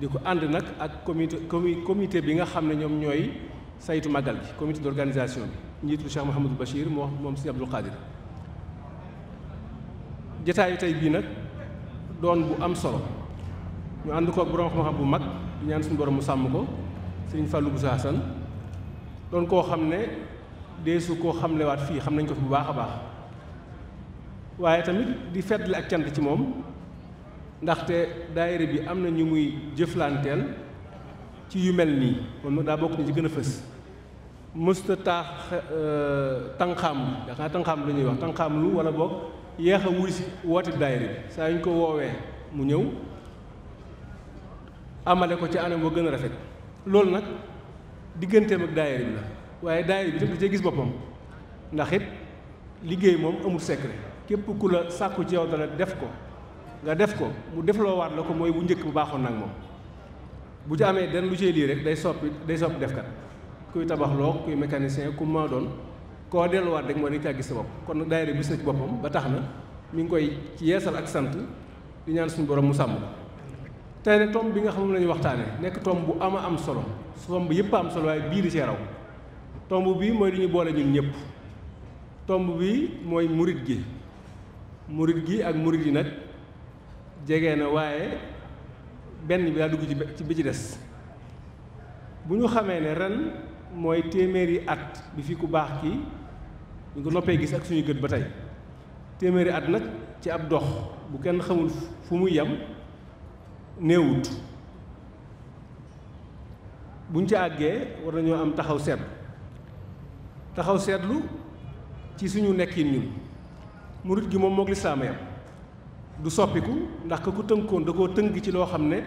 di ko ànd nag ak comité comité bi nga xam ne ñoom ñooy saytu màggal bi comité d'organisation bi njiitul Cheikh Mouhamadou Bachir moo moom Sëñ Abdou Khadir jataayu tey bii nag doon bu am solo ñu ànd ko ak borom xam-xam bu mag ñaan suñu borom mu sàmm ko Sëriñ Fallou Boussa Hassane doon koo xam ne deesu koo xamlewaat fii xam nañ ko fi bu baax a baax waaye tamit di feddle ak cant ci moom ndaxte daayira bi am na ñu muy jëflanteel ci yu mel nii moom daa bokk ni ci gën a fës mësta taax euh, tanxaam lu xanaa tanxaam la ñuy wax tanxaam lu wala boog yeex a wuy si woote daayira bi saa yu ñu ko woowee mu ñëw amale ko ci anam boo gën a rafet loolu nag digganteem ak daayira bi la waaye daayira bi tam da cee gis boppam ndax it liggéey moom amul secret képp ku la sàkku ci yow dara def ko nga def ko mu defloowaat la ko mooy bu njëkk bu baaxoon nag moom bu ci amee den lu cee lii rek day soppi day soppi defkat kuy tabaxloo kuy mécanicien ku ma doon koo delluwaat rek moo dañ caa gis sa bopp kon nag daayira bis na ci boppam ba tax na mi ngi koy yeesal ak sant di ñaan suñu borom mu sàmm tey nag tomb bi nga xam ne la ñu waxtaanee nekk tomb bu a am solo tomb yëpp am solo waaye bii di cee raw tomb bii mooy li ñu boole ñun ñëpp tomb bii mooy murit gi murit gi ak murit yi nag. jege na waaye benn bi daa dugg ci bi ci des bu ñu xamee ne ren mooy téeméeri at bi fi ku baax kii ñu ko noppee gis ak suñu gët ba tey téeméeri at nag ci ab dox bu kenn xamul fu muy yem néewut buñ ci àggee war nañoo am taxaw seetlu taxaw seetlu ci suñu nekkin ñun murit gi moom moog lislaam yam du soppiku ndax ku ko tënkoon da koo tënk ci loo xam ne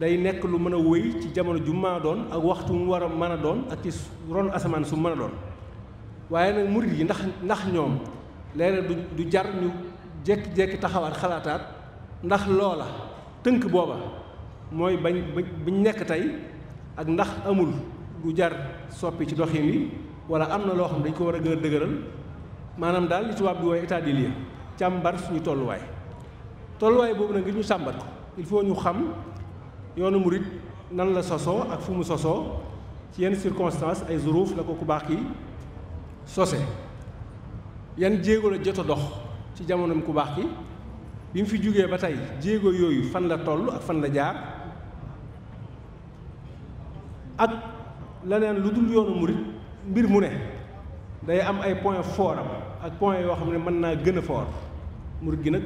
day nekk lu mën a wéy ci jamono ju mën doon ak waxtu mu war a mën a doon ak ci ron asamaan su mën a doon waaye nag murid yi ndax ndax ñoom léeg du du jar ñu jékki-jékki taxawaat xalaataat ndax loola tënk booba mooy bañ bañ nekk tey ak ndax amul du jar soppi ci doxin yi wala am na loo xam dañ ko war a gën a dëgëral maanaam daal di tubaab bi wooy état des lieux càmbar suñu tolluwaay tolluwaay boobu nag ngir ñu sàmbat ko il faut ñu xam yoonu murit nan la sosoo ak fu mu sosoo ci yenn circonstance ay zuruuf la ko ku baax ki sose yan jéego la jot a dox ci jamonoom ku baax ki bi mu fi jógee ba tey jéego yooyu fan la toll ak fan la jaar ak leneen lu dul yoonu murit mbir mu ne day am ay point fort am ak point yoo xam ne mën naa gën a fort murit gi nag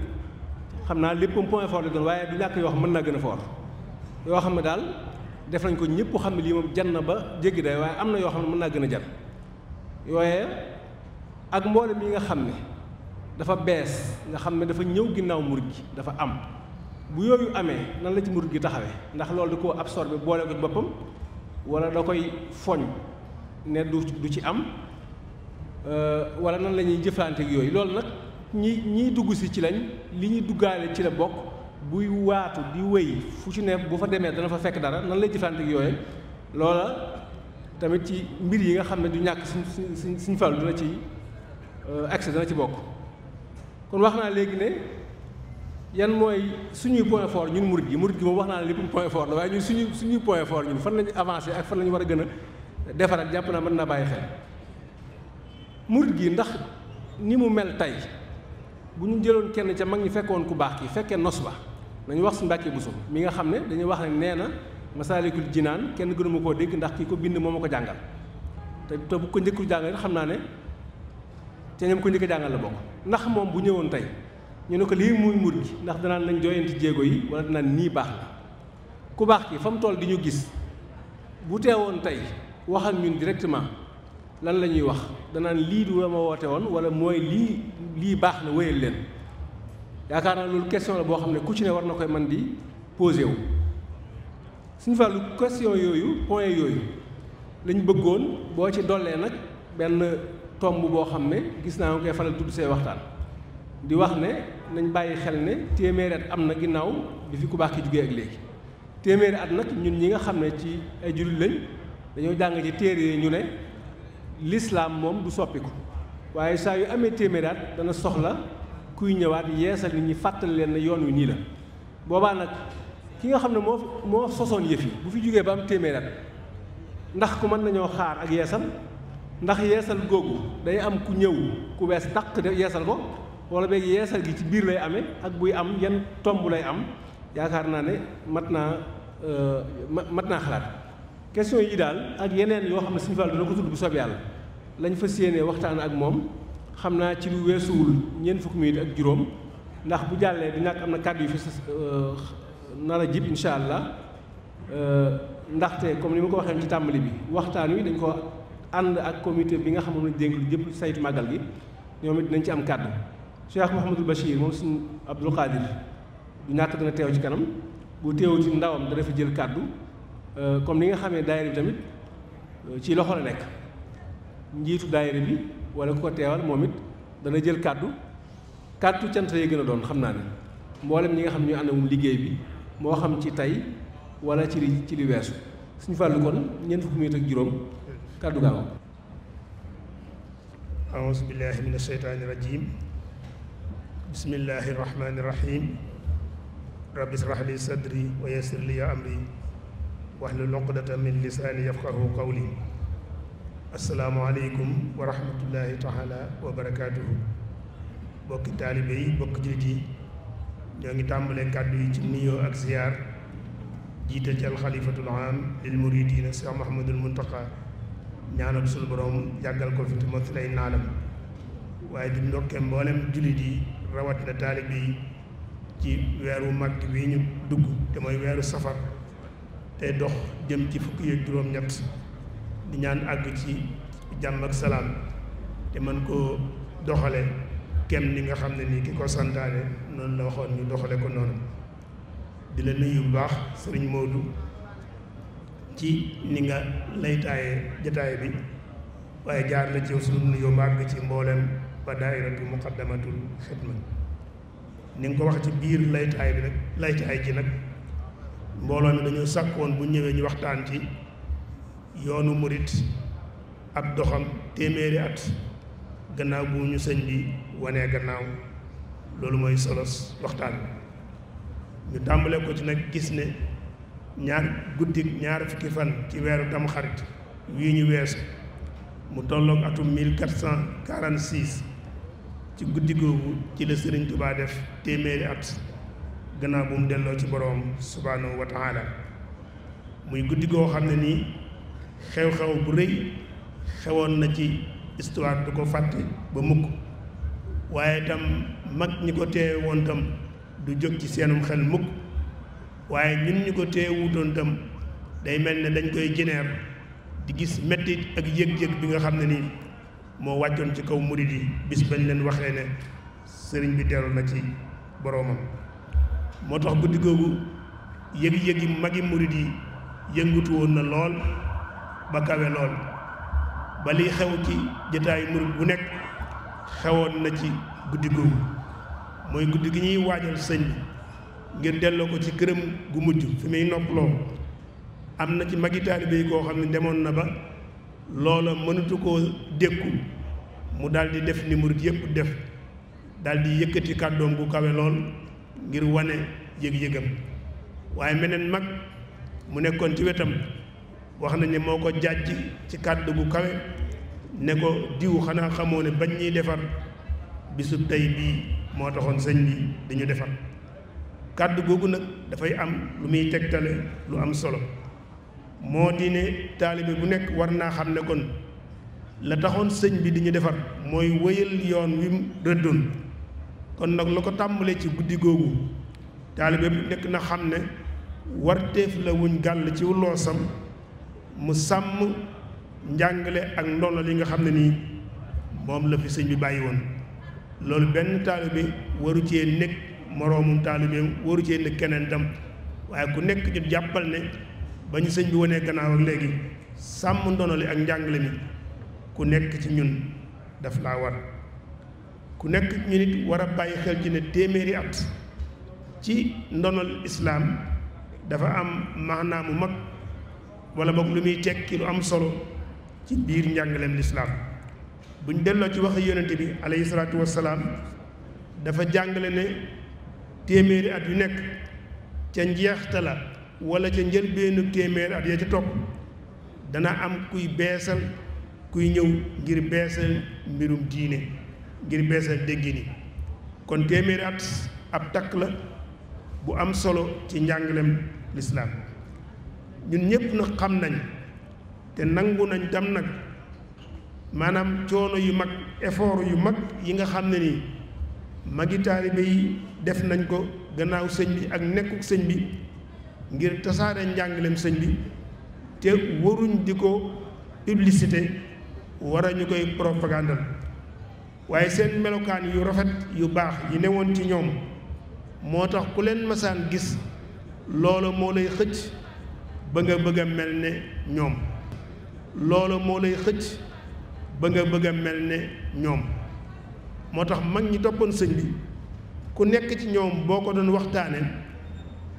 xam naa léppam point fort la doon waaye du ñàkk yoo xam mën naa gën a fort yoo xam ne daal def nañ ko ñëpp xam ne lii moom jan na ba jéggi day waaye am na yoo xam ne mën naa gën a jar yooye ak mboolem yi nga xam ne dafa bees nga xam ne dafa ñëw ginnaaw murid gi dafa am bu yooyu amee nan la ci murid gi taxawee ndax loolu da koo absorbé boole ko ci boppam wala da koy foñ ne du du ci am euh, walla nan la ñuy jëflante ak yooyu loolu nag ñi ñiy dugg si ci lañ li ñuy duggaale ci la bokk buy waatu di wéy fu ci ne bu fa demee dana fa fekk dara nan lay jëflante ak yooyu loola tamit ci mbir yi nga xam ne du ñàkk suñ suñ suñ fàllu dana ci euh, accès dana ci bokk kon wax naa léegi ne yan mooy suñuy point fort ñun murit gi murit gi moom wax naa li lépp point waaye ñun suñuy suñuy point fort ñun fan lañu avancé ak fan lañu war a gën a defaraat jàpp naa man naa bàyyi xel murit gi ndax ni mu mel tey bu ñu jëloon kenn ca mag ñi fekkoon ku baax ki fekkee nos ba nañu wax suñu Mbàkke Buso mi nga xam ne dañuy wax ne nee na masaalikul jinaan kenn gënuma koo dégg ndax kii ko bind moom ma ko jàngal te te bu ko njëkkul jàngal xam naa ne te ñoom ko njëkk jàngal la bokk ndax moom bu ñëwoon tey ñu ne ko lii muy mur gi ndax danaan nañ jooyanti jéego yi wala danaa nii baax la ku baax ki fa mu toll di ñu gis bu teewoon tey wax ñu directement lan la ñuy wax danaan lii du la ma woote woon wala mooy lii lii baax na wéyal leen yaakaar naa loolu question la boo xam ne ku ci ne war na koy man di posé wu suñu fàllu question yooyu point yooyu lañ bëggoon boo ci dollee nag benn tomb boo xam ne gis naa nga koy faral tudd see waxtaan di wax ne nañ bàyyi xel ne téeméeri at am na ginnaaw bi fi ku baax ki jugee ak léegi téeméeri at nag ñun ñi nga xam ne ci ay jullit lañ dañoo jàng ci téere yi ñu ne lislaam moom du soppiku waaye saa yu amee téeméeraat dana soxla kuy ñëwaat yeesal nit ñi fàttali leen na yoon wi nii la boobaa nag ki nga xam ne moo moo sosoon yëf yi bu fi jógee ba am téeméeraat ndax ku mën nañoo xaar ak yeesal ndax yeesal googu day am ku ñëw ku wees tàq de yeesal ko wala beeg yeesal gi ci biir lay amee ak buy am yan tomb lay am yaakaar naa ne mat naa euh, mat naa xalaat question yi daal ak yeneen yoo xam ne suñu Fall dina ko tudd bu soobee yàlla lañ fa yéenee waxtaan ak moom xam naa ci lu weesuwul ñeent fukki minutes ak juróom ndax bu jàllee du ñàkk am na kàddu yu fi euh, nar a jib incha allah euh, ndaxte comme ni ma ko waxee ci tàmbali bi waxtaan wi dañ ko ànd ak comité bi nga xam moom lañ dénk lu jëm saytu màggal gi ñoom it dinañ ci am kàddu Cheikh Mouhamadul Bachir moom suñu Abdul Qadir du ñàkk dana teew ci kanam bu teew ci ndawam dana fi jël kàddu Euh, comme ni nga xamee daayira bi tamit euh, ci loxo la nekk njiitu daayira bi wala ku ko teewal moom it dana jël kàddu kàddu cant yi gën a doon xam naa ne mboolem ñi nga xam ne ñu àndawum liggéey bi moo xam ci tey wala ci li ci li weesu suñu fàllu kon ñeent fukki minute ak juróom kàddu gaaw aouzu billahi min asheytaani rajim bismillahi rahmaani rahim rabbi israh li sadri wa yassir li wahlul uqdata min lisaani yafqahu qawli asalaamualeykum wa rahmatullahi taala wa barakaatuhu bokki taalibe bokki jullit yi ñoo ngi tàmbalee kàddu yi ci nuyoo ak ziyaar jiite ci alxalifatul am lil muridina Cheikh Mahamadul Muntaqa ñaanal suñu borom yàggal ko fi te mottali ay naanam waaye di ndokkee mboolem jullit yi rawatina taalibe yi ci weeru mag wi ñu dugg te weeru safar tey dox jëm ci fukk yeeg juróom-ñett di ñaan àgg ci jàmm ak salaam te mën koo doxale kem ni nga xam ne nii ki ko santaane noonu la waxoon ñu doxale ko noonu di la nuyu bu baax sëriñ Modou ci ni nga laytaaye jataay bi waaye jaar la ci suñu nuyoo ba àgg ci mboolem ba daayiratu muqaddamatul xidma ni nga ko wax ci biir laytaay bi nag laytaay ji nag mbooloo mi dañoo sàkkoon bu ñëwee ñu waxtaan ci yoonu murit ab doxam téeméeri at gannaaw bu ñu sëñ bi wanee gannaaw loolu mooy solos waxtaan ñu tàmbale ko ci nag gis ne ñaar guddi ñaar fukki fan ci weeru tamxarit wii ñu weesu mu tolloog atum 1446 ci guddi googu ci la Sëriñ Tubaa def téeméeri at gannaaw bu mu delloo ci boroom subhaanahu wa taala muy guddi koo xam ne nii xew-xew bu rëy xewoon na ci histoire du ko fàtte ba mukk waaye tam mag ñi ko teewe woon tam du jóg ci seenum xel mukk waaye ñun ñi ko teewe wuutoon day mel ne dañ koy jineer di gis mettit ak yëg-yëg bi nga xam ne nii moo wàccoon ci kaw muri yi bis bañ leen waxee ne sëriñ bi dellu na ci boroomam moo tax guddi googu yëg-yëg yi magi murit yi yëngutu woon na lool ba kawe lool bali liy xew ci jotaayu murit bu nekk xewoon na ci guddi googu mooy guddi gi ñuy waajal sëñ bi ngir delloo ko ci këram gu mujj fi muy noppaloo am na ci magi taalibe yi koo xam ne demoon na ba loola mënatu koo dékku mu daldi def ni murit yépp def daldi yëkkati kàddoom gu kawe lool ngir wane yëg-yëgam waaye meneen mag mu nekkoon ci wetam wax nañ ne moo ko jàjj ci kàdd gu kawe ne ko diw xanaa xamoo ne bañ ñuy defar bisub tey bii moo taxoon sëñ bi dañu defar kàdd googu nag dafay am lu muy tegtale lu am solo moo di ne taalibe bu nekk war naa xam ne kon la taxoon sëñ bi di ñu defar mooy wëyal yoon wi mu rëddoon kon nag lu ko tàmbalee ci guddi googu taalibe bi nekk na xam ne warteef la wuñ gàll ci loosam mu sàmm njàngale ak ndono li nga xam ne nii moom la fi sëñ bi bàyyi woon loolu benn taalibe waru cee nekk moroomum taalibeem waru cee nekk keneen tam waaye ku nekk ñu jàppal ne ba ñu sëñ bi wonee gannaaw ak léegi sàmm ndono li ak njàngale mi ku nekk ci ñun daf laa war ku nekk ñu nit war a bàyyi xel ci ne téeméeri at ci ndonal islaam dafa am maanaa mu mag walla boog lu muy tekki lu am solo ci biir njàngaleem lislaam buñ delloo ci wax yonente bi alayhi salaatu wassalaam dafa jàngale ne téeméeri at yu nekk ca njeexta la wala ca njëlbeenu téeméeri at ya ci topp dana am kuy beesal kuy ñëw ngir beesal mbirum diine ngir beesal déggin yi kon téeméeri at ab takk la bu am solo ci njàngalem lislaam ñun ñëpp na xam nañ te nangu nañ tam nag maanaam coono yu mag effort yu mag yi nga xam ne nii magi taalibe yi def nañ ko gannaaw sëñ bi ak nekkuk sëñ bi ngir tasaare njàngaleem sëñ bi te waruñ di ko publicité war a ñu koy propagandal waaye seen melokaan yu rafet yu baax yi woon ci ñoom moo tax ku leen masaan gis loola moo lay xëcc ba nga bëgg a mel ne ñoom loola moo lay xëcc ba bëgg a mel ne ñoom moo tax mag ñi toppoon sëñ bi ku nekk ci ñoom boo ko doon waxtaane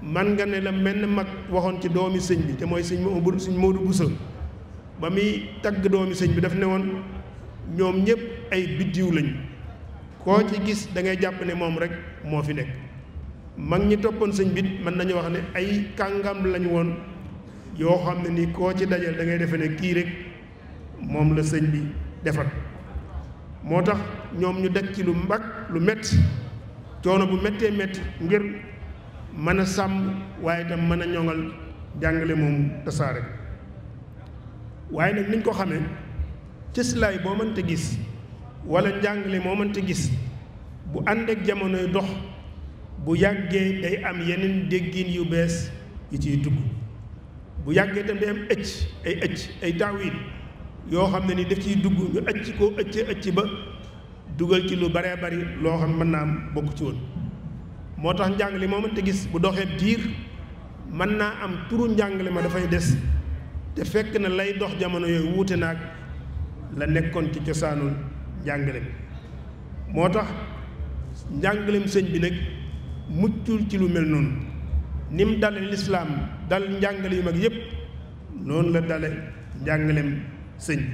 man nga ne la mel mag waxoon ci doomi sëñ bi te mooy sëñ Moodu sëñ Moodu Bousso ba muy tagg doomi sëñ bi daf ne woon ñoom ñëpp ay biddiw lañu koo ci gis dangay ngay jàpp ne moom rek moo fi nekk mag ñi toppoon sëñ bit mën nañu wax ne ay kàngam lañu woon yoo xam ne ni koo ci dajal dangay defe ne kii rek moom la sëñ bi defal moo tax ñoom ñu daj ci lu mbag lu metti coono bu mettee métti ngir mën a sàmm waaye itam mën a ñoŋal jàngale moom tasaare waaye nag niñ ko xamee cëslaay boo mënte gis wala njàngale moo mënta gis bu ànd jamonoy dox bu yàggee day am yeneen déggin yu bees yu ciy dugg bu yàggee tam day am ëcc ay ëcc ay taawil yoo xam ne ni daf ciy dugg ñu ëcc koo ëcc ëcc ba dugal ci lu baree bari loo xam mën naa am bokk ci woon moo tax njàngale moo mënta gis bu doxee jiir mën naa am turu njàngale ma dafay des te fekk na lay dox jamono yooyu wuute naag la nekkoon ci cosaanul jàngale moo tax njàngalem sëñ bi nag muccul ci lu mel noonu ni mu dale lislaam dal njàngale yu mag yépp noonu la dale njàngalem sëñ bi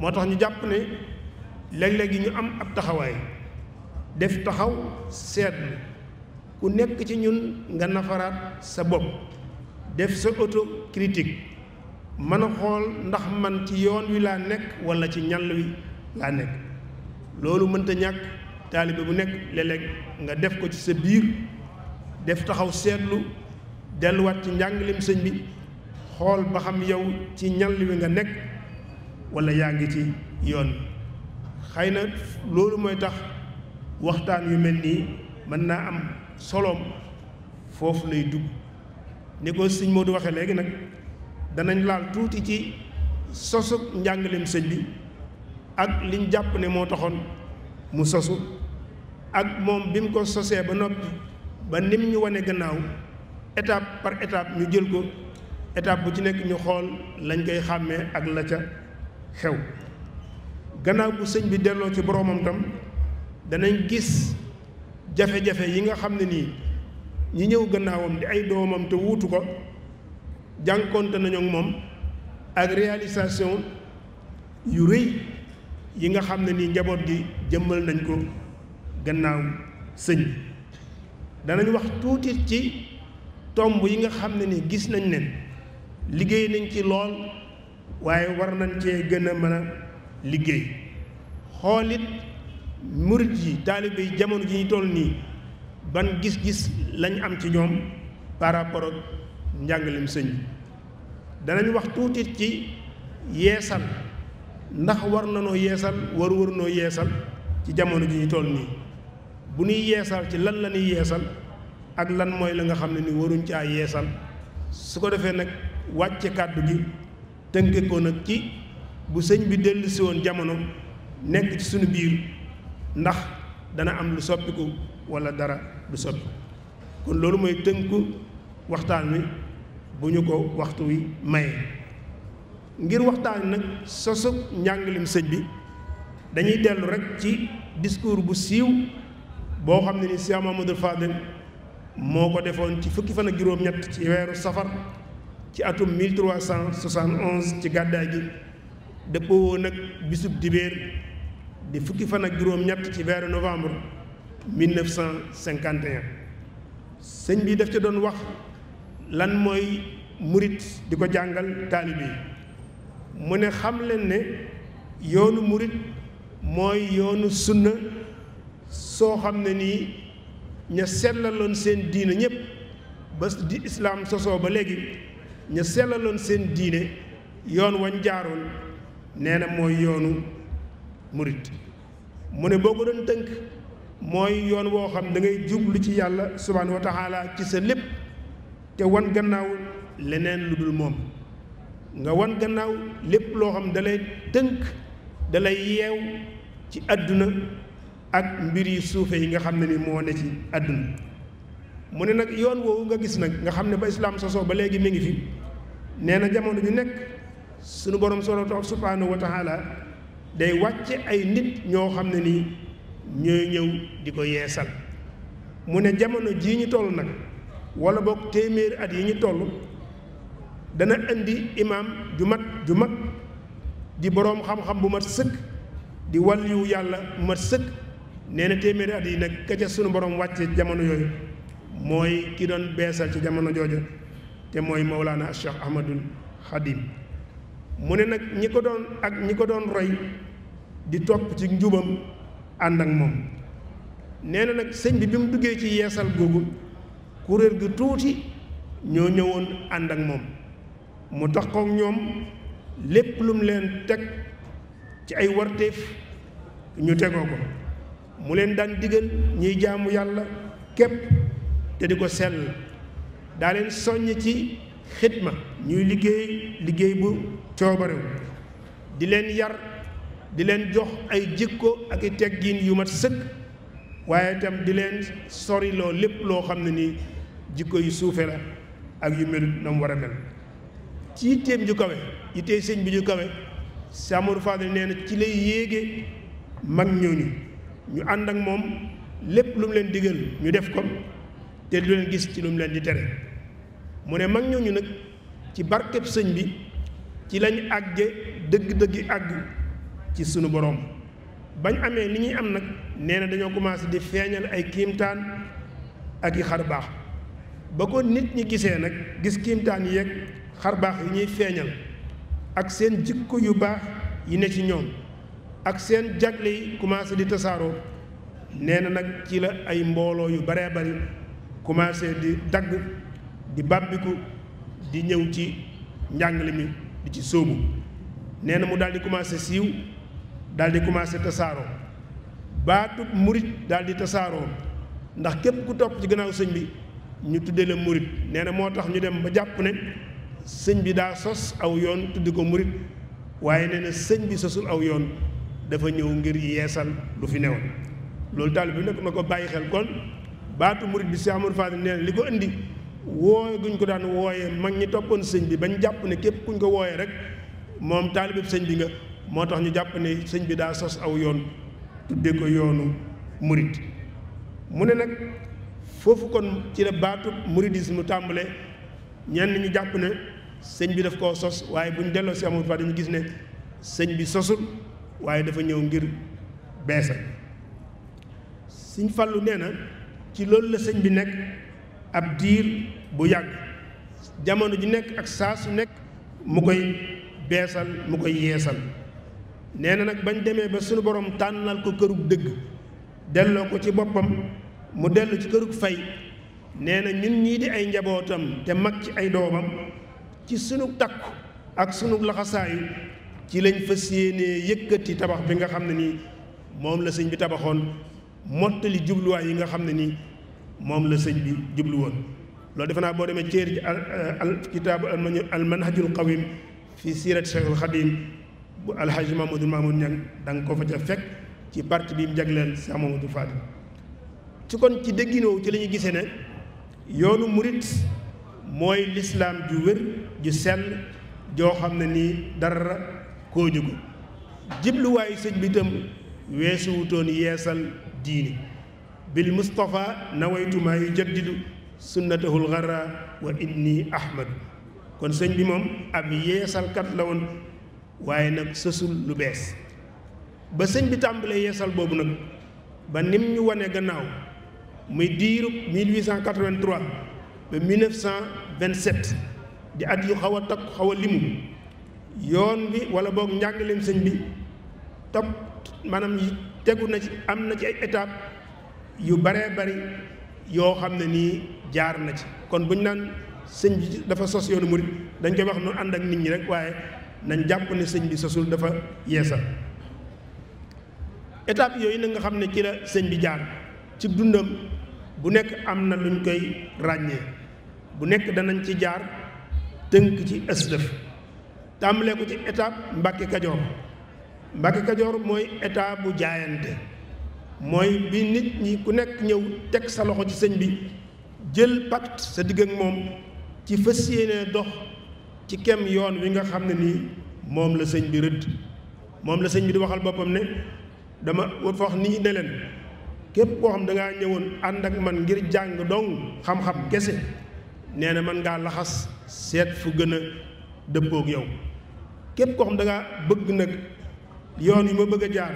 moo tax ñu jàpp ne léeg-léeg yi ñu am ab taxawaay def taxaw seetlu ku nekk ci ñun nga nafaraat sa bopp def sa autocritique mën a xool ndax man ci yoon wi laa nekk walla ci ñal wi laa nekk loolu mënta ñàkk taalibe bu nekk léeg nga def ko ci sa biir def taxaw seetlu delluwaat ci njàngalim sëñ bi xool ba xam yow ci ñal wi nga nekk wala yaa ngi ci yoon xëy na loolu mooy tax waxtaan yu mel nii mën naa am soloom foofu lay dugg ni ko sëñ Modou waxee léegi nag danañ laal tuuti ci sosug njàngalim sëñ bi ak liñ jàpp ne moo taxoon mu sosu ak moom bi mu ko sosee ba noppi ba mu ñu wane gannaaw étape par étape ñu jël ko étape bu ci nekk ñu xool lañ koy xàmmee ak la ca xew gannaaw bu sëñ bi delloo ci boroomam tam danañ gis jafe-jafe yi nga xam ne nii ñi ñëw gannaawam di ay doomam te wutu ko jànkonte nañu ak moom ak réalisation yu rëy yi nga xam ne ni njaboot gi jëmmal nañ ko gannaaw sëñ bi danañ wax tuuti ci tomb yi nga xam ne ni gis nañ leen liggéey nañ ci lool waaye war nañ cee gën a mën a liggéey xoolit murit yi taalibe jamono ji ñu toll nii ban gis-gis lañ am ci ñoom par rapport ak njàngaleem sëñ bi danañ wax tuuti ci yeesal ndax war na noo yeesal war war noo yeesal ci jamono ji ñu toll nii bu ñuy yeesal ci lan la ñuy yeesal ak lan mooy la nga xam ne ni waruñ caa yeesal su ko defee nag wàcce kàddu gi tënke ko nag ci bu sëñ bi dellusi woon jamono nekk ci suñu biir ndax dana am lu soppiku walla dara du soppi kon loolu mooy tënku waxtaan wi bu ñu ko waxtu wi maye ngir waxtaan nag sosu njàngalim sëñ bi dañuy dellu rekk ci discours bu siiw boo xam ne ni Cheikh Mamadou Fadel moo ko defoon ci fukki fan ak juróom-ñett ci weeru safar ci atum 1371 ci gàddaay gi dëppoo nag ak bisub dibéer di fukki fan ak juróom-ñett ci weeru novembre 1951 sëñ bi daf ca doon wax lan mooy murit di ko jàngal taalibe yi mu ne xam leen ne yoonu murit mooy yoonu sunna soo xam ne nii ña sellaloon seen diine ñëpp ba di islaam sosoo ba léegi ña sellaloon seen diine yoon wañ jaaroon nee na mooy yoonu murit mu ne boo ko doon tënk mooy yoon woo xam da ngay jublu ci yàlla subhaanahu wa ci sa lépp te wan gannaaw leneen lu dul moom nga wan gannaaw lépp loo xam da lay tënk da lay yeew ci àdduna ak mbir yi suufe yi nga xam ne ni moo ne ci àdduna mu ne nag yoon woowu nga gis nag nga xam ne ba islaam sosoo ba léegi mu ngi fi nee na jamono ju nekk sunu borom soroto subhaanahu wa taala day wàcce ay nit ñoo xam ne nii ñooy ñëw di ko yeesal mu ne jamono jii ñu toll nag wala boog téeméeri at yi ñu toll dana indi imaam ju mat ju mag di boroom xam-xam bu mat sëkk di wàlliwu yàlla bu mat sëkk nee na téeméeri yi nag ka sunu borom wàcce jamono yooyu mooy ki doon beesal ci jamono jooju te mooy Mawlaana Cheikh Ahmadul Xadim mu ne nag ñi ko doon ak ñi ko doon roy di topp ci njubam ànd ak moom nee na nag sëñ bi bi mu duggee ci yeesal googu kuréel gi tuuti ñoo ñëwoon ànd ak moom mu tax kook ñoom lépp lum leen teg ci ay warteef ñu tegoo ko mu leen daan diggal ñuy jaamu yàlla képp te di ko sell daa soññ ci xidma ñuy liggéey liggéey bu coobarew di leen yar di leen jox ay jikko ak i teggiin yu mat sëkk waaye itam di leen soriloo lépp loo xam ne ni jikko yu suufe la ak yu melut na war a mel ci yitteem ju kawe yittee sëñ bi ju kawe Samour Fadel nee na ci lay yéege mag ñooñu ñu ànd ak moom lépp lu mu leen digal ñu def ko te du leen gis ci lu mu leen di tere mu ne mag ñooñu nag ci barkeb sëñ bi ci lañ àgge dëgg-dëggi àgg ci sunu boroom bañ amee li ñuy am nag nee na dañoo commencé di feeñal ay kiimtaan ak i xar baax ba ko nit ñi gisee nag gis kiimtaan yeeg xar baax yi ñuy feeñal ak seen jikko yu baax yi ne ci ñoom ak seen jagle yi commencé di tasaaroo nee na nag ci la ay mbooloo yu baree bari commencé di tagg di bàmbiku di ñëw ci njàngale mi di ci sóobu nee na mu daal di commencé siiw daal di commencé tasaaroo baatub murit daal di tasaaroo ndax képp ku topp ci gannaaw sëñ bi ñu tuddee la murit nee na moo tax ñu dem ba jàpp ne sëñ bi daa sos aw yoon tuddi ko murit waaye nee na sëñ bi sosul aw yoon dafa ñëw ngir yeesal lu fi newoon loolu taalibe bi nag na ko bàyyi xel kon baatu murit bi Cheikh Amadou li ko indi wooye guñ ko daan wooyee mag ñi toppoon sëñ bi bañ jàpp ne képp kuñ ko wooyee rek moom taalibe sëñ bi nga moo tax ñu jàpp ne sëñ bi daa sos aw yoon tudde ko yoonu murit mu ne nag foofu kon ci baatu muridisme tàmbale ñenn ñu jàpp ne sëñ bi daf ko sos waaye bu ñu delloo si amul fa dañu gis ne sëñ bi sosul waaye dafa ñëw ngir beesal sëñ Fallu nee na ci loolu la sëñ bi nekk ab diir bu yàgg jamono ji nekk ak saa su nekk mu koy beesal mu koy yeesal nee na nag bañ demee ba suñu borom tànnal ko kërug dëgg delloo ko ci boppam mu dellu ci kërug fay nee na ñun ñii di ay njabootam te mag ci ay doomam ci sunu takku ak sunu laxasaayu ci lañ fas yéenee yëkkati tabax bi nga xam ne nii moom la sëñ bi tabaxoon mottali jubluwaay yi nga xam ne nii moom la sëñ bi jublu woon loolu defe naa boo demee céer ci al euh, kitaabu al manhajul qawim fi siirati Cheikh al Xadim bu alhaji Mamadou Mamoud Niang da nga ko fa ca fekk ci partie bi mu jagleel Cheikh Mamadou Fadil ci kon ci dégginoow ci lañuy ñuy gisee ne yoonu murit mooy lislaam ju wér ju sell joo xam ne ni dara koo ko jibluwaayu sëñ bi itam weesu wutoon yeesal diini bil mustapha nawaytumaa yu jaddidu sunnatahul xara wa inni ahmadu kon sëñ bi moom ab yeesalkat la woon waaye nag sësul lu bees ba sëñ bi tàmbalee yeesal boobu nag ba nim ñu wane gannaaw muy diiru 1883 ba 1927 di at yu xaw a takk xaw a limu yoon bi wala boog njàngaleem sëñ bi topp maanaam tegu na ci am na ci ay étape yu baree bari yoo xam ne nii jaar na ci kon bu ñu naan sëñ bi dafa sos yoonu murit dañ koy wax nu ànd ak nit ñi rek waaye nañ jàpp ne sëñ bi sosul dafa yeesal étape yooyu na nga xam ne ci la sëñ bi jaar ci dundam bu nekk am na luñ koy ràññee bu nekk danañ ci jaar tënk ci ëslëf tàmbalee ko ci étape Mbàkke Kajoor Mbàkke Kajoor mooy état bu jaayante mooy bi nit ñi ku nekk ñëw teg sa loxo ci sëñ bi jël pacte sa digg ak moom ci fas yéene dox ci kem yoon wi nga xam ne nii moom la sëñ bi rëdd moom la sëñ bi di waxal boppam ne dama fa wax nii ne leen képp koo xam da ngaa ñëwoon ànd ak man ngir jàng dong xam-xam kese nee na mën ngaa laxas seet fu gën a dëppoog yow képp koo xam da bëgg nag yoon yu ma bëgg a jaar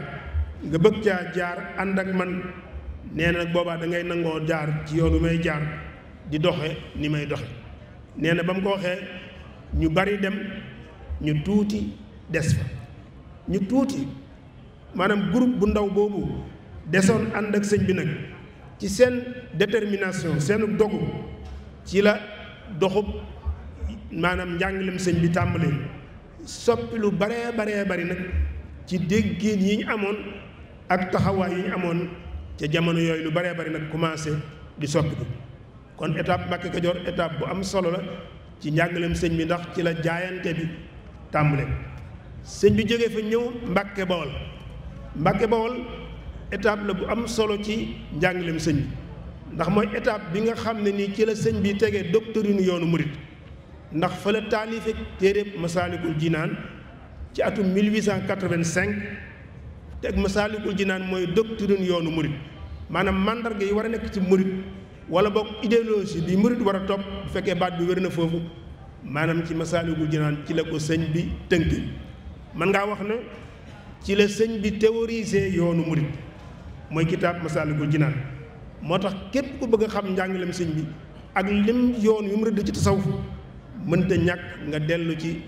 nga bëgg caa jaar ànd ak man nee na nag boobaa da ngay nangoo jaar ci yoon wi may jaar di doxe ni may doxe nee na ba mu ko waxee ñu bari dem ñu tuuti des fa ñu tuuti maanaam groupe bu ndaw boobu desoon ànd ak sëñ bi nag ci seen détermination seenu dogu ci la doxub maanaam njàngalem sëñ bi tàmbalee soppi lu bare baree bari nag ci déggéen yi ñu amoon ak taxawaay yi ñu amoon ca jamono yooyu lu baree bari nag commencé di soppi ko kon étape Mbàkke Kajoor étape bu am solo la ci njàngalem sëñ bi ndax ci la jaayante bi tàmbale sëñ bi jógee fa ñëw Mbàkke Bawol Mbàkke Bawol étape la bu am solo ci njàngalem sëñ bi ndax mooy étape bi nga xam ne nii ci la sëñ bi tegee doctrine yoonu murit ndax fa la taalife téeréb masaalikul jinaan ci atum 1885 te masaalikul jinaan mooy doctrine yoonu murit maanaam màndarga yi war a nekk ci murit wala boog idéologie bi murit war a topp bu fekkee baat bi wér na foofu maanaam ci masaalikul jinaan ci la ko sëñ bi tënk man ngaa wax ne ci la sëñ bi théorisé yoonu murit mooy kitaab masaalikul jinaan moo tax képp ku bëgg a xam njàngaleem sëñ bi ak lim yoon yu mu rëdd ci tasawuf mënta ñàkk nga dellu ci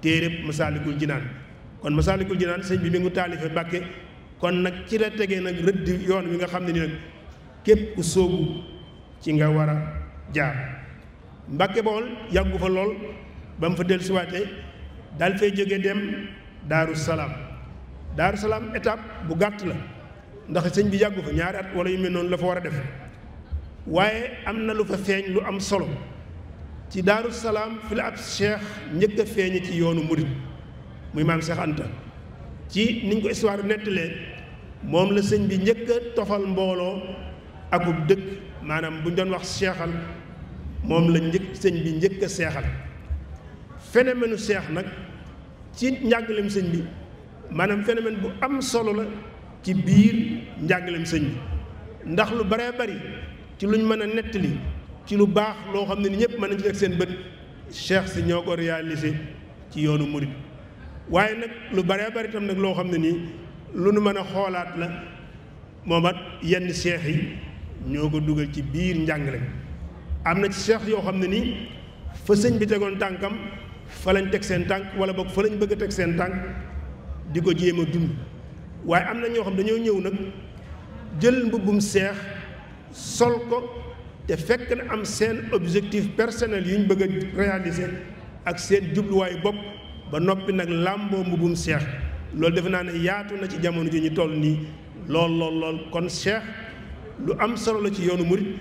téereb masaalikul jinaan kon masaalikul jinaan sëñ bi mi ngi taalife Mbàkke kon nag ci la tegee nag rëdd yoon wi nga xam ne ni nag képp ku sóobu ci nga war a jaar Mbàkke bool yàggu fa lool ba mu fa dellu siwaatee daal fay jógee dem Daaru Salaam Daaru Salaam étape bu gàtt la ndax sëñ bi yàggu ko ñaari at wala yu mel noonu la fa war a def waaye am na lu fa feeñ lu am solo ci daaru salaam fi la ab cheikh njëkk a feeñe ci yoonu murit muy maam Cheikh Anta ci niñ ko histoire bi nettalee moom la sëñ bi njëkk a tofal mbooloo akub dëkk maanaam buñ doon wax seexal moom la njëkk sëñ bi njëkk a seexal phénomène u seex nag ci njàngalem sëñ bi maanaam phénomène bu am solo la ci biir njàngaleem sëñ bi ndax lu baree bari ci luñ mën a nettali ci lu baax loo xam ne ni ñëpp mën nañ ci teg seen bët cheikh si ñoo ko réalisé ci yoonu murit waaye nag lu baree bari tam nag loo xam ne nii lu nu mën a xoolaat la moomat yenn cheikh yi ñoo ko dugal ci biir njàngale am na ci cheikh yoo xam ne nii fa sëñ bi tegoon tànkam fa lañ teg seen tànk wala bokk fa lañ bëgg a teg seen tànk di ko jéem a dund waaye am na ñoo xam dañoo ñëw nag jël mbubbum seex sol ko te fekk na am seen objectif personnel yu ñu bëgg a réaliser ak seen jubluwaayu bopp ba noppi nag làmboo mbubbum seex loolu defe naa ne yaatu na ci jamono ji ñu toll nii lool lool lool kon seex lu am solo la ci yoonu murit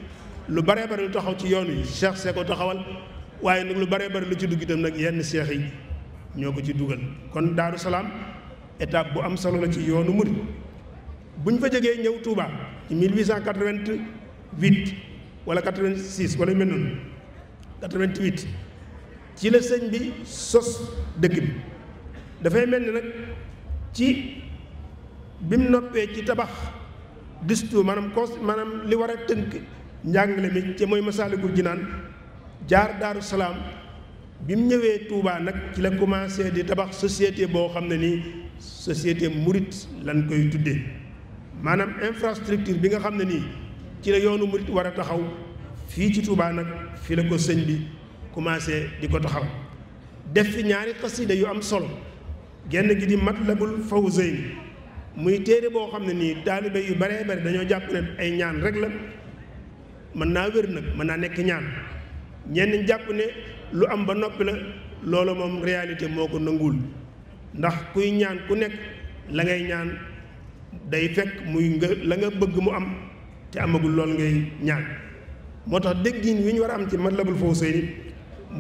lu baree bari lu taxaw ci yoon yi seex see ko taxawal waaye nag lu baree bari lu ci dugg itam nag yenn seex yi ñoo ko ci dugal kon daaru étape bu am solo la ci yoonu murid buñ fa jegee ñëw Touba ci 1888 wala 86 wala yu mel noonu 88 ci la sëñ bi sos dëkk bi dafay mel ni nag ci bim noppee ci tabax gistu maanaam cons maanaam li war a tënk njàngale mi ci mooy Masaalikul Jinaan jaar Daaru Salaam bi mu ñëwee Touba nag ci la commencé di tabax société boo xam ne nii. société murit lan koy tuddee maanaam infrastructure bi nga xam ne nii ci la yoonu murit war a taxaw fii ci Touba nag fii la ko sëñ bi commencé di ko taxaw def fi ñaari xasida yu am solo genn gi di Matlabul Fawzayni muy téere boo xam ne nii taalibe yu baree bari dañoo jàpp ne ay ñaan rek la mën naa wér nag mën naa nekk ñaan ñenn jàpp ne lu am ba noppi la loolu moom réalité moo ko nanguwul ndax kuy ñaan ku nekk la ngay ñaan day fekk muy nga la nga bëgg mu am te amagul lool ngay ñaan moo tax déggin wi ñu war a am ci Matlabul Fawzayni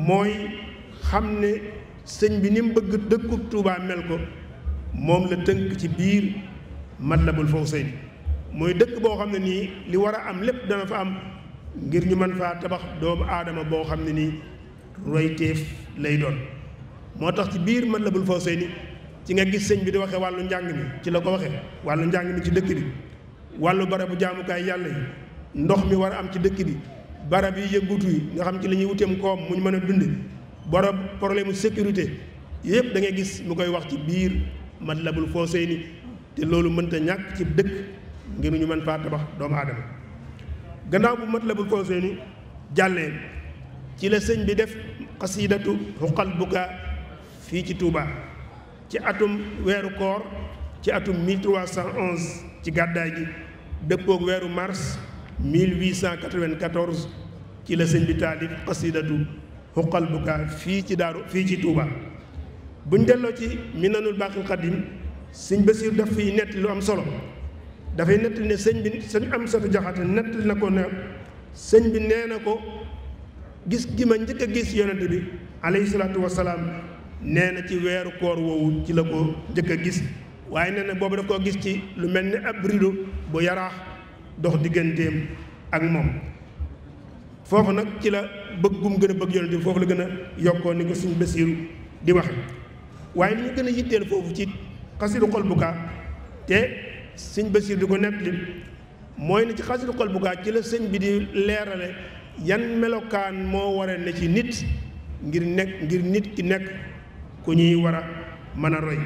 mooy xam ne sëñ bi ni bëgg dëkku Tuubaa mel ko moom la tënk ci biir Matlabul Fawzayni mooy dëkk boo xam ne nii li war a am lépp dana fa am ngir ñu mën faa tabax doomu aadama boo xam ne nii royteef lay doon moo tax ci biir man la bul faw sey ni ci nga gis sëñ bi di waxee wàllu njàng mi ci la ko waxee wàllu njàng mi ci dëkk bi wàllu barabu jaamukaay yàlla yi ndox mi war a am ci dëkk bi barab yi yëngutu yi nga xam ci lañuy ñuy wuteem koom mu ñu mën a dunde barab problème mu sécurité yëpp da ngay gis mu koy wax ci biir la Matlabul Fawzayni te loolu mënta ñàkk ci dëkk ngir ñu mën faa tabax doomu aadama gannaaw bu Matlabul Fawzayni jàllee ci la sëñ bi def xasiidatu fii ci Touba ci atum weeru koor ci atum 1311 ci gàddaay gi dëppoog weeru mars 1894 ci la sëñ bi taalif xasidatu xuqal bukaa fii ci daaru fii ci Touba buñ delloo ci minanul baaxil xadim sëñ Basiir daf fiy nett lu am solo dafay nett ne sëñ bi sëñ am satu jaxate nett na ko ne sëñ bi nee na ko gis gi ma njëkk a gis yonent bi alayhi salaatu wasalaam nee na ci weeru koor woowu ci la ko njëkk a gis waaye nee na boobu daf koo gis ci lu mel ni ab rido bu yaraax dox digganteem ak moom foofu nag ci la bëggum gën a bëgg yonent bi foofu la gën a yokkoo ni ko suñu basiiru di wax waaye li ñu gën a yitteel foofu ci xasidu xol te suñ basiir di ko nett li mooy ne ci xasidu xol bukaa ci la sëñ bi di leerale yan melokaan moo waree ne ci nit ngir nekk ngir nit ki nekk ku ñuy war a mën a roy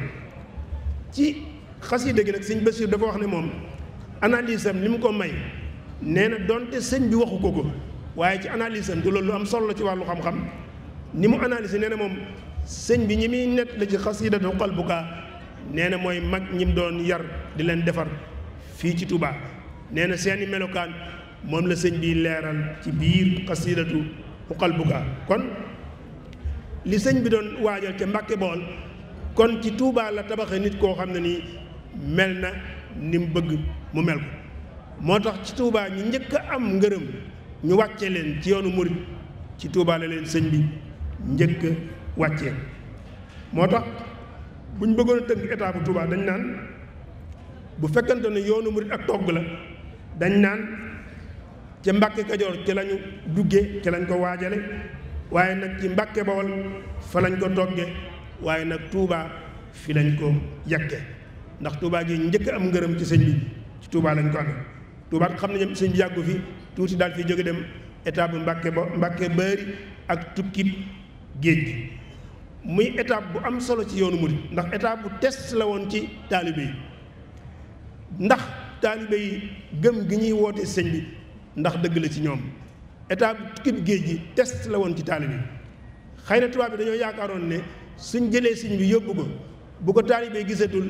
ci xasida gi nag sëñ Basiir dafa wax ne moom analyse am mu ko may nee na donte sëñ bi waxu ko ko waaye ci analyse am te loolu lu am solo ci wàllu xam-xam ni mu analyse nee na moom sëñ bi ñi muy nett la ci xasidatu qalbuka nee na mooy mag ñi mu doon yar di leen defar fii ci Touba nee na seeni melokaan moom la sëñ bi leeral ci biir xasidatu qalbuka kon li sëñ bi doon waajal ca mbakke Bool kon ci Touba la tabaxe nit koo xam ne nii mel na ni mu bëgg mu mel ko moo tax ci Touba ñu njëkk a am ngërëm ñu wàcce leen ci yoonu murit ci Touba la leen sëñ bi njëkk a wàccee moo tax bu ñu bëggoon a tënk état bu dañ naan bu fekkante ne yoonu murit ak togg la dañ naan ca Mbàkke Kajoor ci lañu dugge ci lañ ko waajale waaye nag ci mbàkke bawol fa lañ ko togge waaye nag tuubaa fi lañ ko yàkke ndax tuubaa gi njëkk am ngërëm ci sëñ bi ci tuubaa lañ ko amee tuubaa xam nañu sëñ bi yàggu fi tuuti daal fi jóge dem étape bu mbàkke ba mbàkke baari ak tukkib géej gi muy étape bu am solo ci yoonu murid ndax étape bu test la woon ci taalibe yi ndax taalibe yi gëm gi ñuy woote sëñ bi ndax dëgg la ci ñoom état tukkib géej gi test la woon ci taalibe bi xëy na tubaab bi dañoo yaakaaroon ne suñ jëlee siñ bi yóbbu ko bu ko taalibe gisatul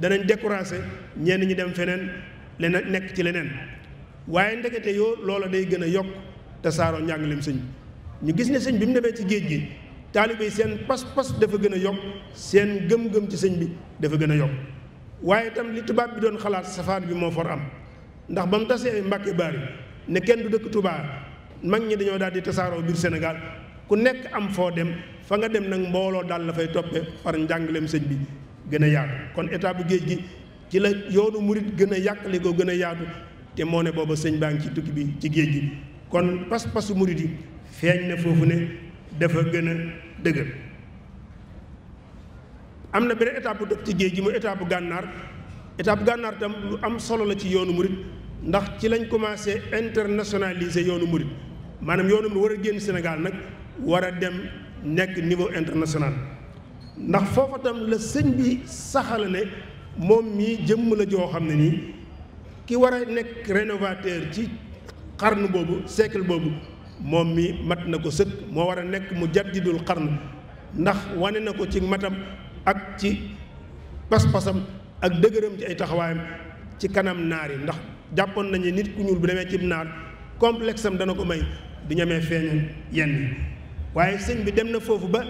danañ découragé ñenn ñi dem feneen lena nekk ci leneen waaye ndekete yoo loola day gën a yokk te saaroo njàngaleem sëñ ñu gis ne sëñ bi mu demee ci géej gi taalibe yi seen pas-pas dafa gën a yokk seen gëm-gëm ci sëñ bi dafa gën a yokk waaye itam li tubaab bi doon xalaat safaan bi moo for am ndax ba mu tasee Mbàkke Baari ne kenn du dëkk Tuubaa mag ñi dañoo daal di tasaaroo biir Sénégal ku nekk am foo dem fa nga dem nag mbooloo daal la fay toppe par njàngaleem sëñ bi gën a yaatu kon état bu géej gi ci la yoonu murit gën a yàqali ko gën a yaatu te moo ne booba sëñ baa ngi ci tukki bi ci géej gi kon pas-pasu murit yi feeñ na foofu ne dafa gën a dëgër am na beneen étape bu ci géej gi mu étape bu gànnaar étape bu gànnaar tam lu am solo la ci yoonu murit ndax ci lañ commencé internationaliser yoonu murit maanaam yoonu murit war a génn Sénégal nag war a dem nekk niveau international ndax foofa tam la sëñ bi saxala moom mii jëmm la joo xam ne nii ki war a nekk rénovateur ci xarnu boobu siècle boobu moom mi mat na ko sëkk moo war a nekk mu jaddidul xarnu ndax wane na ko ci matam ak ci pas-pasam ak dëgërëm ci ay taxawaayam ci kanam naar yi ndax jàppoon nañu nit ku ñuul bu demee cib naar complexe dana ko may du ñemee feeñal yenn bi waaye sëñ bi dem na foofu ba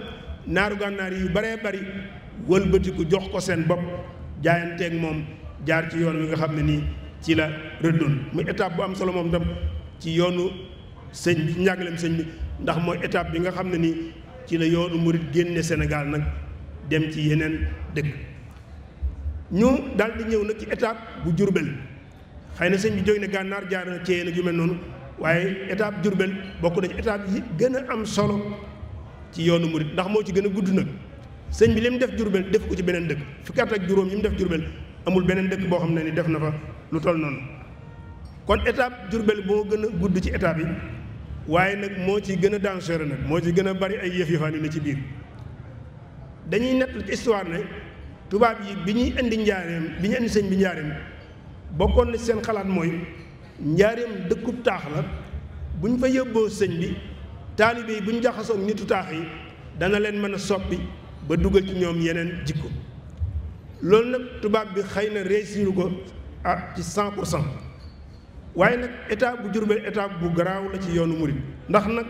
naaru gànnaar yu baree bari wëlbatiku jox ko seen bopp jaayanteeg moom jaar ci yoon wi nga xam ne nii ci la rëddoon muy étape bu am solo moom tam ci yoonu sëñ bi njàngaleem sëñ bi ndax mooy étape bi nga xam ne nii ci la yoonu murit génne Sénégal nag dem ci yeneen dëkk ñu daal di ñëw nag ci étape bu Jurbel xëy na sëñ bi jóg ne gànnaar jaar na Thiel ak yu mel noonu waaye étape Diourbel bokk na ci étape yi gën a am solo ci yoonu murit ndax moo ci gën a gudd nag sëñ bi li mu def Diourbel def ko ci beneen dëkk fukki ak juróom yi mu def Diourbel amul beneen dëkk boo xam ne ni def na fa lu toll noonu kon étape Diourbel boo gën a gudd ci étape yi waaye nag moo ci gën a dangereux nag moo ci gën a bari ay yëf yëfaan yi ne ci biir dañuy nett ci histoire ne tubaab yi bi ñuy indi njaareem bi ñu indi sëñ bi njaareem bokkoon na seen xalaat mooy njaareem dëkkub taax la bu ñu fa yóbboo sëñ bi taalibe yi bu ñu jaxasoon nitu taax yi dana leen mën a soppi ba dugal ci ñoom yeneen jikko loolu nag tubaab bi xëy na réussiru ko ah ci cent pour cent waaye nag état bu Jurbel état bu garaaw la ci yoonu murit ndax nag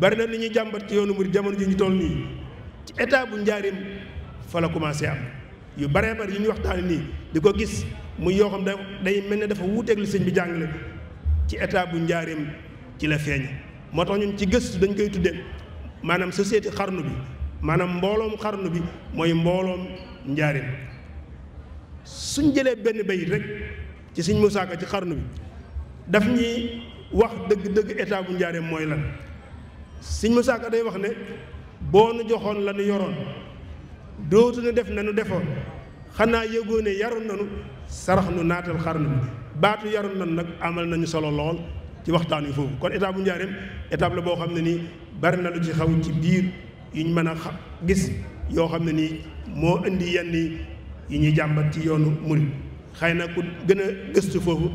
bari na li ñuy jàmbat ci yoonu murit jamono ji ñu toll nii ci état bu njaareem fa la commencé am yu baree bari yu wax waxtaane nii di ko gis muy yoo xam da day mel ne dafa wuuteeg li sëñ bi jàngale ci état bu njaareem ci la feeñ moo tax ñun ci gëstu dañ koy tuddee maanaam société xarnu bi maanaam mbooloom xarnu bi mooy mbooloom njaareem suñ jëlee benn bayit rek ci sëñ musaaka ci xarnu bi daf ñuy wax dëgg-dëgg état bu njaareem mooy lan sëñ musaaka day wax ne boo nu joxoon lanu yoroon dootu nu def na nu defoon xanaa yëgoo ne yaru nanu sarax nu naatal xarnu bi baatu yaru nan nag amal nañu solo lool ci waxtaan wi foofu kon étape bu njaareem étape la boo xam ne nii bari na lu ci xaw ci biir yuñ mën a gis yoo xam ne nii moo indi yenn yi ñuy jàmbat ci yoonu murid xëy na ku gën a gëstu foofu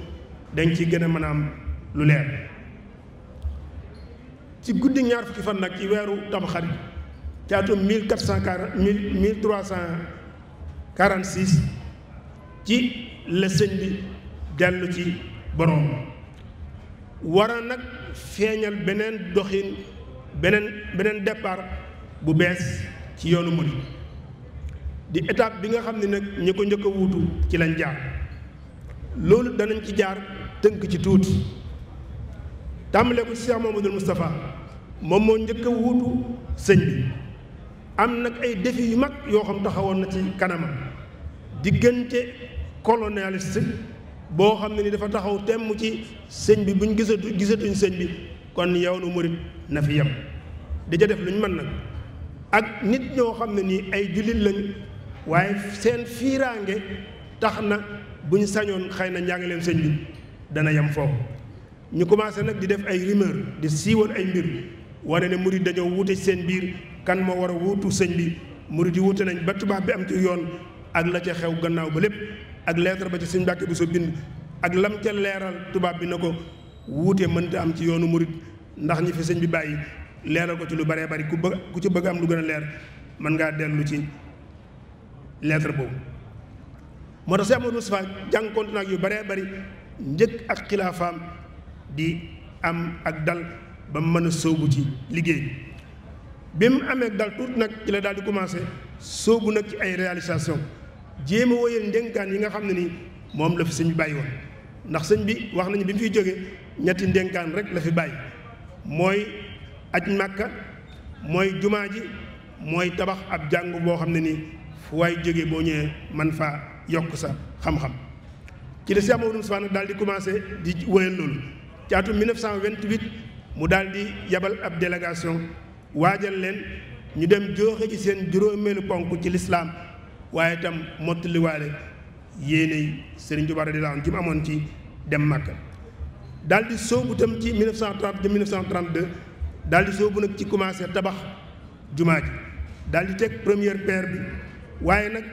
dañ ci gën a mën a am lu leer ci guddi ñaar fukki fan nag ci weeru tamxarit ci atum mille quatre cent quarante cent quarante six ci la sëñ bi dellu ci boroom war a nag feeñal beneen doxin beneen beneen départ bu bees ci yoonu murid di étape bi nga xam ni nag ñi ko njëkk a wuutu ci lañ jaar loolu danañ ci jaar tënk ci tuuti tàmbale ko Cheikh Mamadou Moustapha moom moo njëkk a wuutu sëñ bi am nag ay défi yu mag yoo xam taxawoon na ci kanamam diggante colonialiste boo xam ne ni dafa taxaw temm ci sëñ bi buñ gisatu gisatuñ sëñ bi kon yow nu murit na fi yem di ca def luñ man nag ak nit ñoo xam ne nii ay jullit lañ waaye seen fiiraange tax na buñ sañoon xëy na njàngaleem sëñ bi dana yem foofu ñu commencé nag di def ay rumeur di siiwoon ay mbir wane ne murit dañoo wuute seen biir kan moo war a wuutu sëñ bi murit yi wute nañ ba tubaab bi am ci yoon ak la ca xew gannaaw ba lépp ak lettre ba ci sëñ Mbàkke Buso bind ak lam ca leeral tubaab bi na ko mën mënta am ci yoonu murit ndax ñi fi sëñ bi bàyyi leeral ko ci lu baree bari ku bëgg ku ci bëgg am lu gën a leer mën ngaa dellu ci lettre boobu moo tax si Amadou Moustapha jànkoonte yu baree bari njëkk ak xilaafaam di am ak dal ba mën a sóobu ci liggéey bi mu amee dal tuuti nag ci la daal di commencé sóobu nag ci ay réalisation jéem a wóyal ndénkaan yi nga xam ne ni moom la fi sëñ bi bàyyi woon ndax sëñ bi wax nañu bi mu fiy jóge ñetti ndénkaan rek la fi bàyyi mooy aj màkka mooy jumaa ji mooy tabax ab jàngu boo xam ne ni fu waay jóge boo ñëwee man fa yokk sa xam-xam ci la si amadou Moussa nag daal di commencé di wóyal loolu ci atum 1928 mu daal di yabal ab délégation waajal leen ñu dem jooxe ci seen juróomeelu ponk ci lislaam waaye itam mottaliwaale yéene la Touba radiyallahu anhu ji mu amoon ci dem Màkka daal di soobu itam ci 1930 ba 1932 daal di soobu nag ci commencé tabax jumaa ji daal di teg première pierre bi waaye nag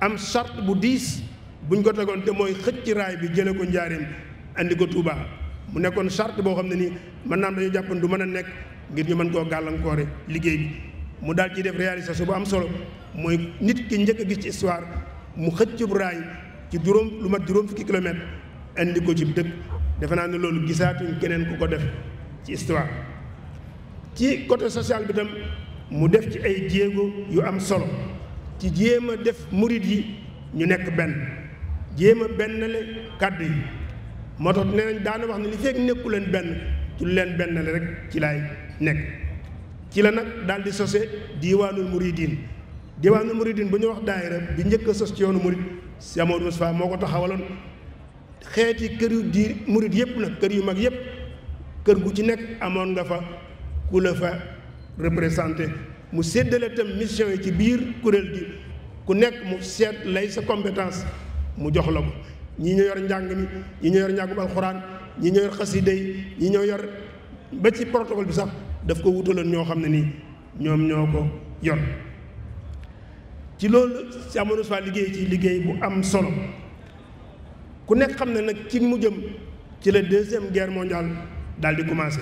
am charte bu diis buñ ko tegoon te mooy xëcc raay bi jële ko njaareem andi ko Touba mu nekkoon charte boo xam ne nii mën naa am dañoo jàppoon du mën a nekk ngir ñu mën koo gàllankoore liggéey bi mu daal ciy def réalisation bu am solo. mooy nit ki njëkk a gis ci histoire mu xëccub raay ci juróom lu mat juróom fukki kilomètre indi ko ci dëkk defe naa ne loolu gisaatuñ keneen ku ko def ci histoire ci côté sociale bi tam mu def ci ay jéego yu am solo ci jéem a def murit yi ñu nekk benn jéem a bennale kàddu yi moo tax nañ daana wax ne li fekk nekku leen benn ci lu leen bennale rek ci laay nekk ci la nag daal di sose diiwaanul muridiin diwaanu muridin bu ñu wax daayira bi njëkk sos ci yoonu murid si Amadou Moustapha moo ko taxawaloon xeeti kër yu di murid yëpp nag kër yu mag yëpp kër gu ci nekk amoon nga fa ku la fa représenté mu séddale tam mission yi ci biir kuréel gi ku nekk mu seet lay sa compétence mu jox la ko ñi ñoo yor njàng mi ñi ñoo yor njàngum alxuraan ñi ñoo yor xasida yi ñi ñoo yor ba ci protocole bi sax daf ko wutaloon ñoo xam ne nii ñoom ñoo ko yor ci loolu si amoon soit liggéey ci liggéey bu am solo ku nekk xam ne nag ci mu jëm ci la deuxième guerre mondiale daal di commencé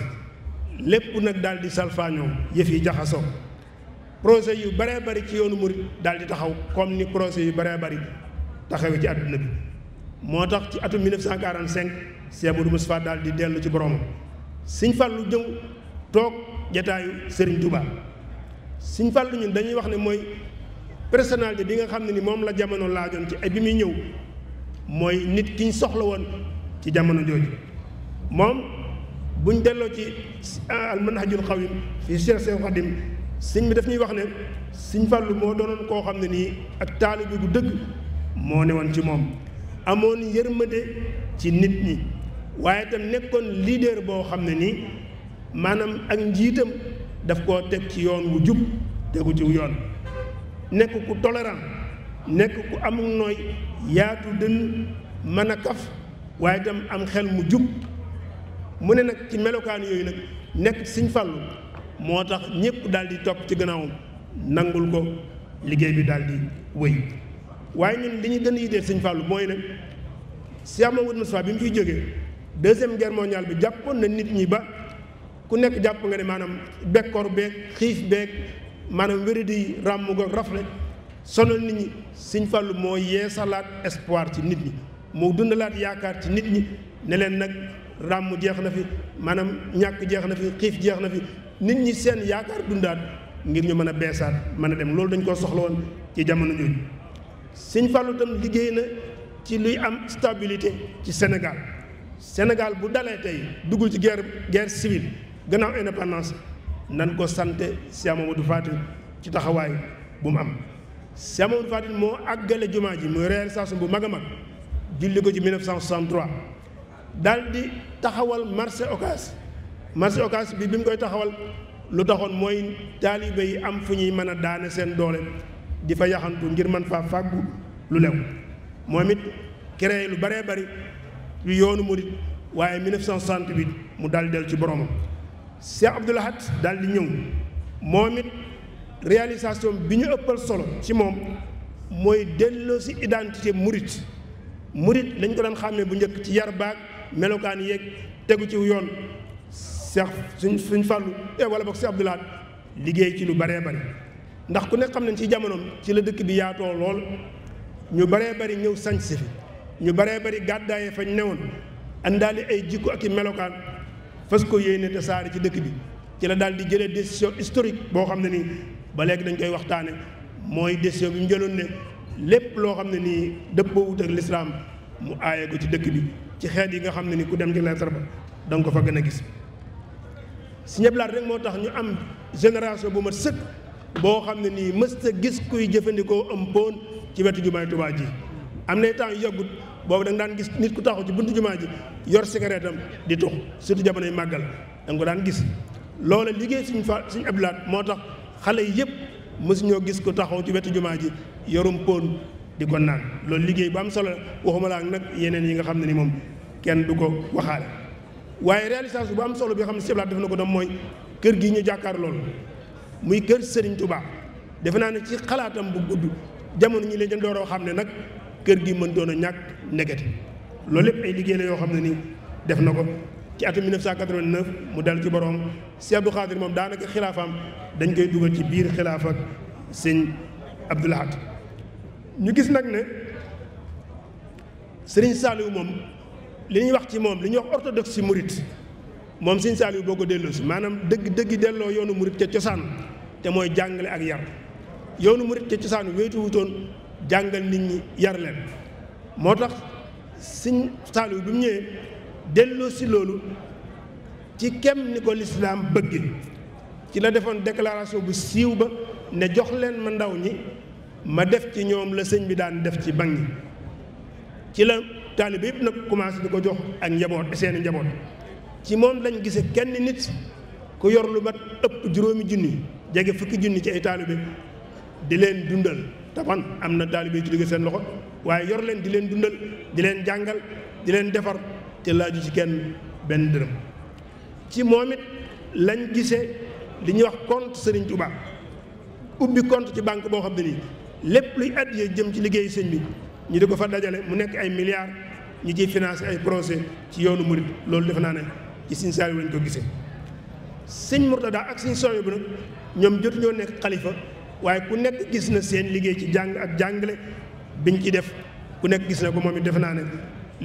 lépp nag daal di salfaañoo yëf yi jaxasoo projet yu bëree bari ci yoonu murit daal di taxaw comme ni projet yu bëree bari taxawee ci àdduna bi moo tax ci atum 1945 Cheikh Modou Moustapha daal di dellu ci boromam Sëñ Fallu jëw toog jataayu Serigne Touba Sëñ Fallu ñun dañuy wax ne mooy. personnalité bi nga xam ne ni moom la jamono laajoon ci ay bi muy ñëw mooy nit ki ñu soxla woon ci jamono jooju moom buñ delloo ci almanhajul xawim fii Cheikh Seex Xadim sëñ bi daf ñuy wax ne sëñ Fàllu moo doonoon koo xam ne nii ak taalibe gu dëgg moo ne woon ci moom amoon yërmande ci nit ñi waaye itam nekkoon leader boo xam ne nii maanaam ak njiitam daf koo teg ci yoon wu jub tegu ci yoon nekk ku tolérant nekk ku amul nooy yaatu dënn mën a kaf waaye itam am xel mu jub mu ne nag ci melokaan yooyu nag nekk Sëñ Fallu moo tax ñëpp daal di topp ci gannaawam nangul ko liggéey bi daal di wéy waaye ñun li ñu gën a yitteel siñ Fallu mooy nag Cheikh Mamadou Moustapha bi mu fiy jógee deuxième guerre mondiale bi jàppoon na nit ñi ba ku nekk jàpp nga ne maanaam bekkoor beeg xiif beeg maanaam wéradi ràmm goog rafle sonal nit ñi Sëñ Fallu moo yeesalaat espoir ci nit ñi moo dundalaat yaakaar ci nit ñi ne leen nag ràmm jeex na fi maanaam ñàkk jeex na fi xiif jeex na fi nit ñi seen yaakaar dundaat ngir ñu mën a beesaat mën a dem loolu dañ koo soxla woon ci jamono jooju Sëñ Fallu tam liggéey na ci luy am stabilité ci Sénégal Sénégal bu dalee tey duggul ci guerre guerre civile gannaaw indépendance nan ko sante Cheikh Mamadou Faty ci taxawaay bu mu am Cheikh Mamadou Faty moo àggale jumaa ji muy réalisation bu mag a mag julli ko ci 1963 daal di taxawal marché Ocass marché Ocass bi bi mu koy taxawal lu taxoon mooy taalibe yi am fu ñuy mën a daane seen doole di fa yaxantu ngir man faa fàggu lu lew moom it créé lu bëree bari yu yoonu murit waaye 1968 mu daal del ci boromam Cheikh Abdoul Ahad daal di ñëw moom it réalisation bi ñu ëppal solo ci moom mooy delloo identité murit murit lañ ko daan xàmmee bu njëkk ci yar baag melokaan yéeg tegu ci yoon Cheikh suñ suñ fàllu eh wala boog Cheikh Abdoul liggéey ci lu baree bari ndax ku nekk xam nañ ci jamonoom ci la dëkk bi yaatoo lool ñu baree bari ñëw sañse fi ñu baree bari gàddaaye fañ newoon àndaali ay jikko ak i melokaan fas ko yéene te saare ci dëkk bi ci la daal di jële décision historique boo xam ne nii ba léegi dañ koy waxtaane mooy décision bi mu jëloon ne lépp loo xam ne nii dëppoowut ak lislaam mu aaye ko ci dëkk bi ci xeet yi nga xam ne ni ku dem ci lettre ba da fa gën a gis si ñeblaat rek moo tax ñu am génération bu ma sëkk boo xam ne nii mësta gis kuy jëfandikoo am poon ci wetu jumaay Tuubaa ji am na temps yu boobu danga daan gis nit ku taxaw ci buntu jumaa ji yor cigarette di tux surtout jamonoy màggal da ko daan gis. loola liggéey suñ fa suñ abdulaat moo tax xale yëpp mësuñoo gis ku taxaw ci wetu jumaa ji yorum pon di ko naan loolu liggéey bu am solo waxuma laa nag yeneen yi nga xam ne ni moom kenn du ko waxaale waaye réalisation bu am solo bi nga xam ne siblaat def na ko tam mooy kër gi ñu jàkkaar loolu muy kër sëriñ Touba defe naa ne ci xalaatam bu gudd jamono ñi leen dooroo xam ne nag kër gi mën doon a ñàkk nekkati loolu yépp ay liggéey la yoo xam ne ni def na ko ci atum 1989 mu dal ci borom Cheikh Abdou Khadir moom daanaka xilaafaam dañ koy dugal ci biir xilaaf ak sëñ Abdou Lahad ñu gis nag ne sëriñ Saliou moom li ñuy wax ci moom li ñuy wax orthodoxe si murit moom sëriñ Saliou boo ko delloo si maanaam dëgg dëgg delloo yoonu murit ca cosaan te mooy jàngale ak yar yoonu murit ca cosaan wéetu jàngal nit ñi yar leen moo tax sëñ Saaliw bi mu ñëwee delloo si loolu ci kem ni ko lislaam bëgg ci la defoon déclaration bu siiw ba ne jox leen ma ndaw ñi ma def ci ñoom la sëñ bi daan def ci bangi ci la taalibe yëpp nag commencé di ko jox ak njaboot seeni njaboot ci moom lañ gise kenn nit ku yor lu mat ëpp juróomi junni jege fukki junni ci ay taalibe di leen dundal taban am na taalibe yu ci liggéey seen loxo waaye yor leen di leen dundal di leen jàngal di leen defar te laaju ci kenn benn dërëm ci moom it lañ gisee li ñuy wax compte Serigne Touba ubbi compte ci banque boo xam ne nii lépp luy addiyee jëm ci liggéey sëñ bi ñu di ko fa dajale mu nekk ay milliards ñu ciy financé ay projet ci yoonu murit loolu defe naa ne ci Serigne Saliou lañ ko gisee sëñ Mourtada ak sëñ Sohibou bu nag ñoom jotuñoo nekk xalifa waaye ku nekk gis na seen liggéey ci jàng ak jàngale biñ ci def ku nekk gis na ko moom it defe naa ne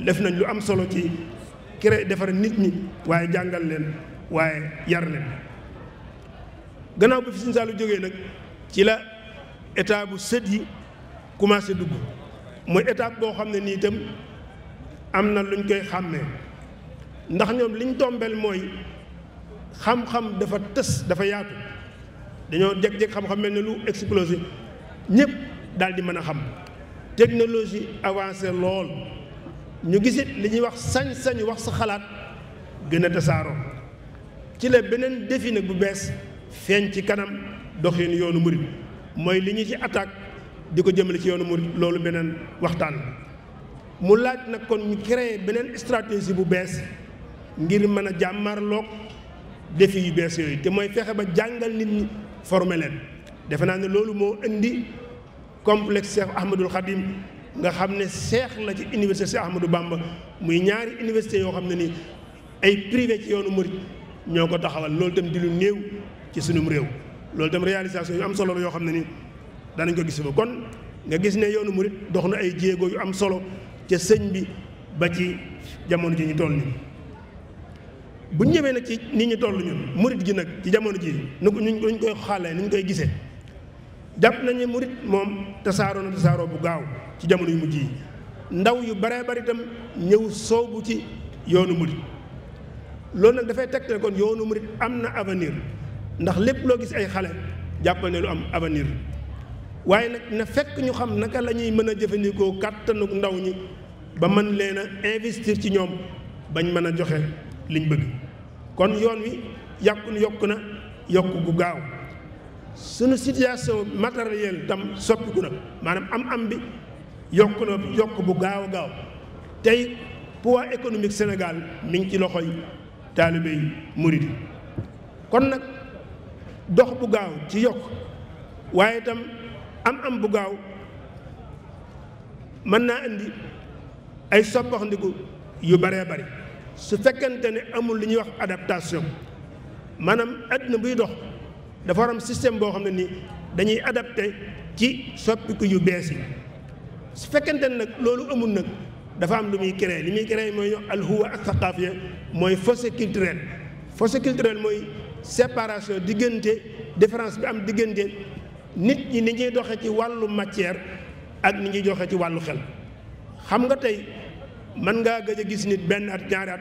def nañ lu am solo ci cré defar nit ñi waaye jàngal leen waaye yar leen gannaaw bi fi Sëñ Saalu jógee nag ci la état bu sët yi commencé dugg mooy étape boo xam ne nii itam am na luñ koy xàmmee ndax ñoom liñ tombel mooy xam-xam dafa tës dafa yaatu dañoo jékki-jékki xam-xam mel ne lu explosif ñëpp daal di mën a xam technologie avancée lool ñu gisit li ñuy wax sañ-sañu wax sa xalaat gën a tasaaroo ci la beneen défi nag bu bees feeñ ci kanam doxin yoonu murit mooy li ñu ci attaque di ko jëmale ci yoonu murit loolu beneen waxtaan mu laaj na kon ñu créer beneen stratégie bu bees ngir mën a jàmmarloog défi yu bees yooyu te mooy fexe ba jàngal nit ñi former leen defe naa ne loolu moo indi complexe Cheikh Ahmadul Khadim nga xam ne seex la ci université Cheikh Ahmadou Bamba muy ñaari université yoo xam ne ni ay privé ci yoonu murit ñoo ko taxawal loolu itam di lu néew ci sunum réew loolu itam réalisation yu am solo la yoo xam ne ni danañ ko gis ba kon nga gis ne yoonu murit dox na ay jéego yu am solo ca sëñ bi ba ci jamono ji ñu toll nii bu ñëwee nag ci nit ñi toll ñun murit gi nag ci jamono ji nu ko ñu koy xàllee ni koy gisee jàpp nañu murit moom tasaaroo na tasaaroo bu gaaw ci jamono yu mujj yi ndaw yu baree bari itam ñëw soobu ci yoonu murit loolu nag dafay tegtal kon yoonu murit am na avenir ndax lépp loo gis ay xale jàppal ne lu am avenir waaye nag na fekk ñu xam naka la ñuy mën a jëfandikoo kàttanu ndaw ñi ba mën leen a investir ci ñoom bañ mën a joxe liñ bëgg kon yoon wi yàqu yokk na yokk gu gaaw suñu situation matériel tam soppiku na maanaam am-am bi yokk na yokk bu gaaw a gaaw tey poids économique Sénégal mi ngi ci loxoy taalibe yi murid kon nag dox bu gaaw ci yokk waaye tam am-am bu gaaw mën naa indi ay soppaxndiku yu baree bari su fekkente ne amul lu ñuy wax adaptation maanaam àdduna buy dox dafa war système boo xam ne nii dañuy adapté ci soppiku yu bees yi su fekkente ne nag loolu amul nag dafa am lu muy créé li muy créé mooy al huwa ak thaqaafiya mooy fossé culturel fossé culturel mooy séparation diggante différence bi am diggante nit ñi ni ñuy doxee ci wàllu matière ak ni ñuy doxee ci wàllu xel xam nga tey man ngaa gëj a gis nit benn at ñaari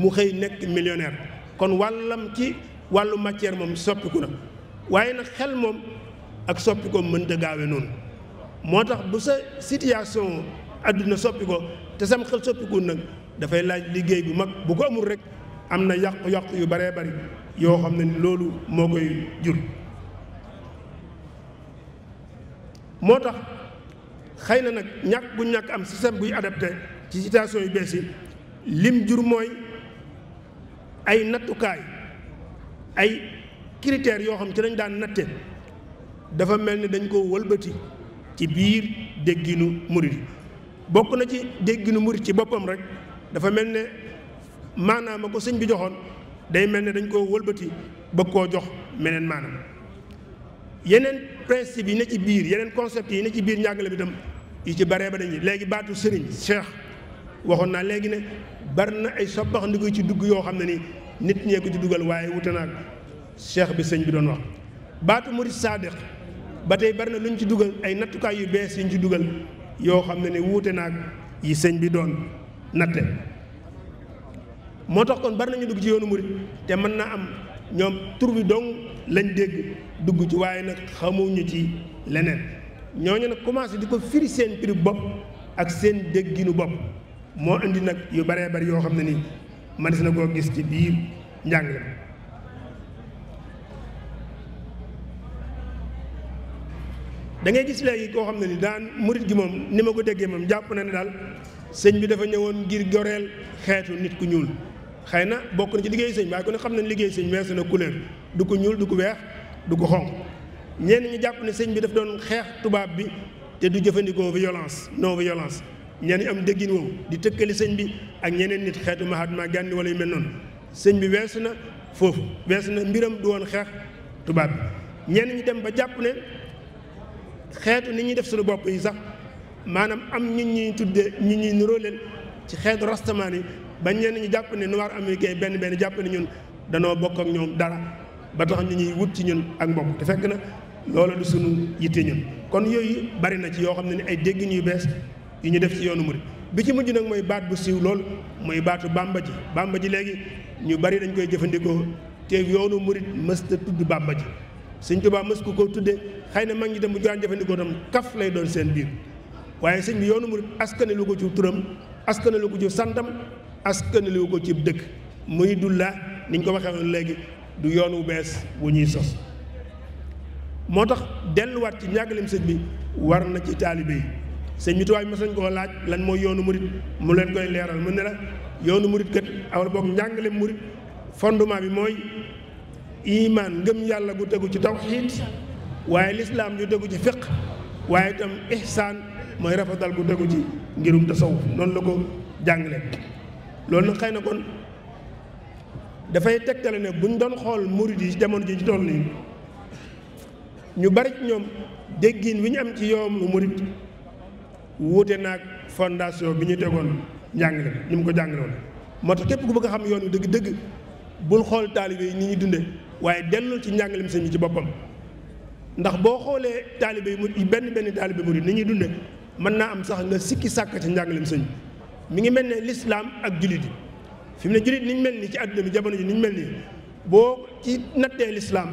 mu xëy nekk millionnaire kon wàllam ci wàllu matière moom soppiku na waaye nag xel moom ak soppi ko mënta gaawe noonu moo tax bu sa situation àdduna soppi te sam xel soppiku nag dafay laaj liggéey bu mag bu ko amul rek am na yàqu yàq yu baree bari yoo xam ne loolu moo koy jur moo tax xëy na nag ñàkk bu ñàkk am système buy adapté ci citation yu bees yi lim jur mooy ay nattukaay ay critères yoo xam ci lañ daan natte dafa mel ni dañ koo wëlbati ci biir dégginu murit bokk na ci dégginu murit ci boppam rek dafa mel ne maanaam ako sëñ bi joxoon day mel ni dañ koo wëlbati bëgg koo jox meneen maanaam yeneen principe yi ne ci biir yeneen concept yi ne ci biir njàngale bi tam yi ci bare ba dañuy léegi baatu sëriñ cheikh waxoon naa léegi ne bari na ay sabax ndi ko ci dugg yoo xam ne ni nit ñee ko ci dugal waaye wute naag cheikh bi sëñ bi doon wax baatu murid saadiq ba tey bari na lu ñu ci dugal ay nattukaay yu bees yu ñu ci dugal yoo xam ne wuute naag yi sëñ bi doon natte moo tax kon bari nañu dugg ci yoonu murid te mën naa am ñoom tur bi dong lañ dégg dugg ci waaye nag xamuñu ci leneen ñooñu nag commencé di ko firi seen prix bopp ak seen dégginu bopp moo indi nag yu baree bari yoo xam ne nii manis na koo gis ci biir njàngale da ngay gis léegi koo xam ne ni daan murit gi moom ni ma ko déggee moom jàpp na ne daal sëñ bi dafa ñëwoon ngir goreel xeetu nit ku ñuul xëy na bokk na ci liggéey sëñ waaye ko ne xam ne liggéey sëñ weesu na couleur du ko ñuul du ko weex du ko xonq ñenn ñi jàpp ne sëñ bi daf doon xeex tubaab bi te du jëfandikoo violence non violence ñenn am déggin woowu di tëkkali sëñ bi ak ñeneen nit xeetu Mahatma Gandhi wala yu mel noonu sëñ bi weesu na foofu weesu na mbiram du woon xeex tubaab bi ñenn ñi ba jàpp ne xeetu ni ñuy def suñu bopp yi sax maanaam am ñun ñuy tuddee ñun ñuy niróoleel ci xeetu rastamaan yi ba ñenn ñi jàpp ne noir américain benn benn jàpp ne ñun danoo bokk ak ñoom dara ba tax ñu ñuy wut ci ñun ak mbokk te fekk na loola du sunu yitte ñun kon yooyu bari na ci yoo xam ne ni ay déggin yu bees yi ñu def ci yoonu murid bi ci mujj nag mooy baat bu siiw lool mooy baatu bàmba ji bàmba ji léegi ñu bari dañ koy jëfandikoo te yoonu murid mësta tudd bàmba ji sëñ Tuubaa mës ku ko tuddee xëy na mag ñi dem bu jaan jëfandikoo tam kaf lay doon seen biir waaye sëñ bi yoonu murid askaneelu ko ci turam askane ko ci santam askane lu ko ci dëkk muy dulla ni ñu ko waxee woon léegi du yoon wu bees wu ñuy sos moo tax delluwaat ci njàngalem sëñ bi war na ci taalibe yi sëñ bi tubaab yi nañ koo laaj lan mooy yoonu murit mu leen koy leeral mu ne la yoonu murit kat awal boog njàngale murit fondement bi mooy imaan ngëm yàlla gu tegu ci taw tawxiid waaye lislaam ju tegu ci fiq waaye itam ihsaan mooy rafetal gu tegu ci ngirum tasawuf noonu la ko jàngale loolu nag xëy na kon dafay tegtale ne buñ doon xool murit yi jamono ji ci toll nii ñu bari ci ñoom déggin wi ñu am ci yoonu murit wuute naag fondation bi ñu tegoon njàngale ñu mu ko jàngale moo tax képp ku bëgg a xam yoon wi dëgg dëgg bul xool taalibe yi ñu ñuy dunde waaye dellul ci njàngalem sëñ bi ci boppam ndax boo xoolee taalibe yi mu benn benn taalibe mu ni ñuy dunde mën naa am sax nga sikki sàkk ci njàngalem sëñ mi ngi mel ne lislaam ak jullit yi fi mu ne jullit niñ mel ni ci àdduna bi jamono ji ñu mel nii boo ci nattee lislaam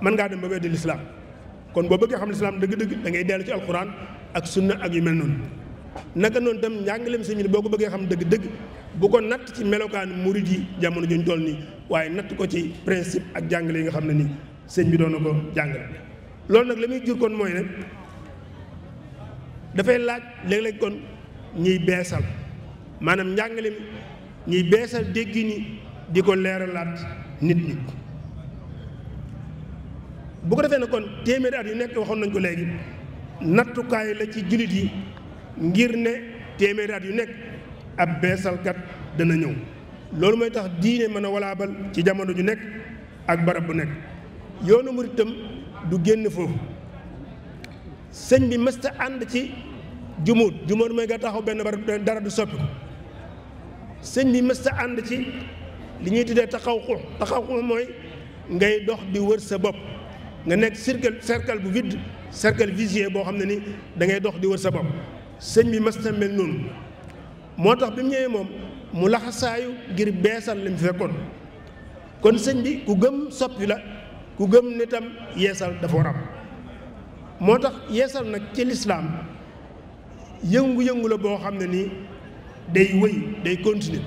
mën ngaa dem ba weddi lislaam kon boo bëggee xam lislaam dëgg-dëgg da ngay dellu ci alquran ak sunna ak yu mel noonu naka noonu tam njàngaleem sëñ bi boo ko bëggee xam dëgg-dëgg bu ko natt ci melokaan murid yi jamono juñ toll nii waaye natt ko ci principe ak jàngale yi nga xam ne nii sëñ bi doon na ko jàngale. loolu nag la muy jur kon mooy ne dafay laaj léeg-léeg kon ñuy beesal maanaam njàngale mi ñuy beesal dégg ni di ko leeralaat nit ñi. bu ko defee ne kon téeméeri at yu nekk waxoon nañ ko léegi. nattukaay la ci jullit yi ngir ne téeméeraat yu nekk ab beesalkat dana ñëw loolu mooy tax diine mën a walaabal ci jamono ju nekk ak barab bu nekk yoonu murit du génn foofu sëñ bi mësta ànd ci jumuut jumuut mooy nga taxaw benn barab dara du soppi ko sëñ bi mësta ànd ci li ñuy tuddee taxaw xux taxaw xux mooy ngay dox di wër sa bopp nga nekk cercle cercle bu vide cercle vicieux boo xam ne ni dangay dox di wër sa bopp sëñ bi mas na mel noonu moo tax bi mu ñëwee moom mu laxasaayu ngir beesal li mu fekkoon kon sëñ bi ku gëm soppi la ku gëm nitam yeesal dafa war am moo tax yeesal nag ci lislaam yëngu-yëngu boo xam ne nii day wëy day continue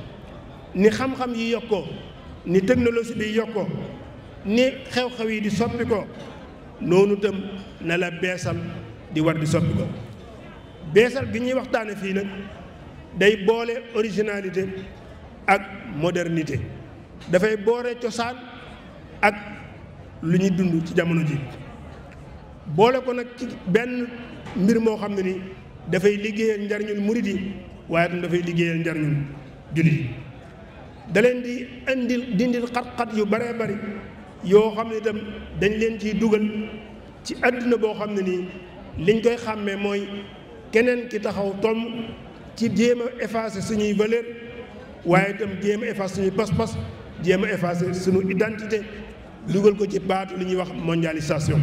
ni xam-xam yi yokkoo ni technologie bi yokkoo ni xew-xew yi di soppi ko noonu tam na la beesal di war di soppi ko beesal gi ñuy waxtaane fii nag day boole originalité ak modernité dafay boole cosaan ak lu ñuy dund ci jamono ji boole ko nag ci benn mbir moo xam ne ni dafay liggéeyal njariñul murit yi waaye tam dafay liggéeyal njariñul jullit yi da di indil dindil xat-xat yu bare bari yoo xam ne itam dañ leen ciy dugal ci àdduna boo xam ne nii liñ koy xàmmee mooy keneen ki taxaw tom ci jéem a effacer suñuy valeur waaye itam jéem a effacer suñuy pas-pas jéem a effacer suñu identité dugal ko ci baatu li ñuy wax mondialisation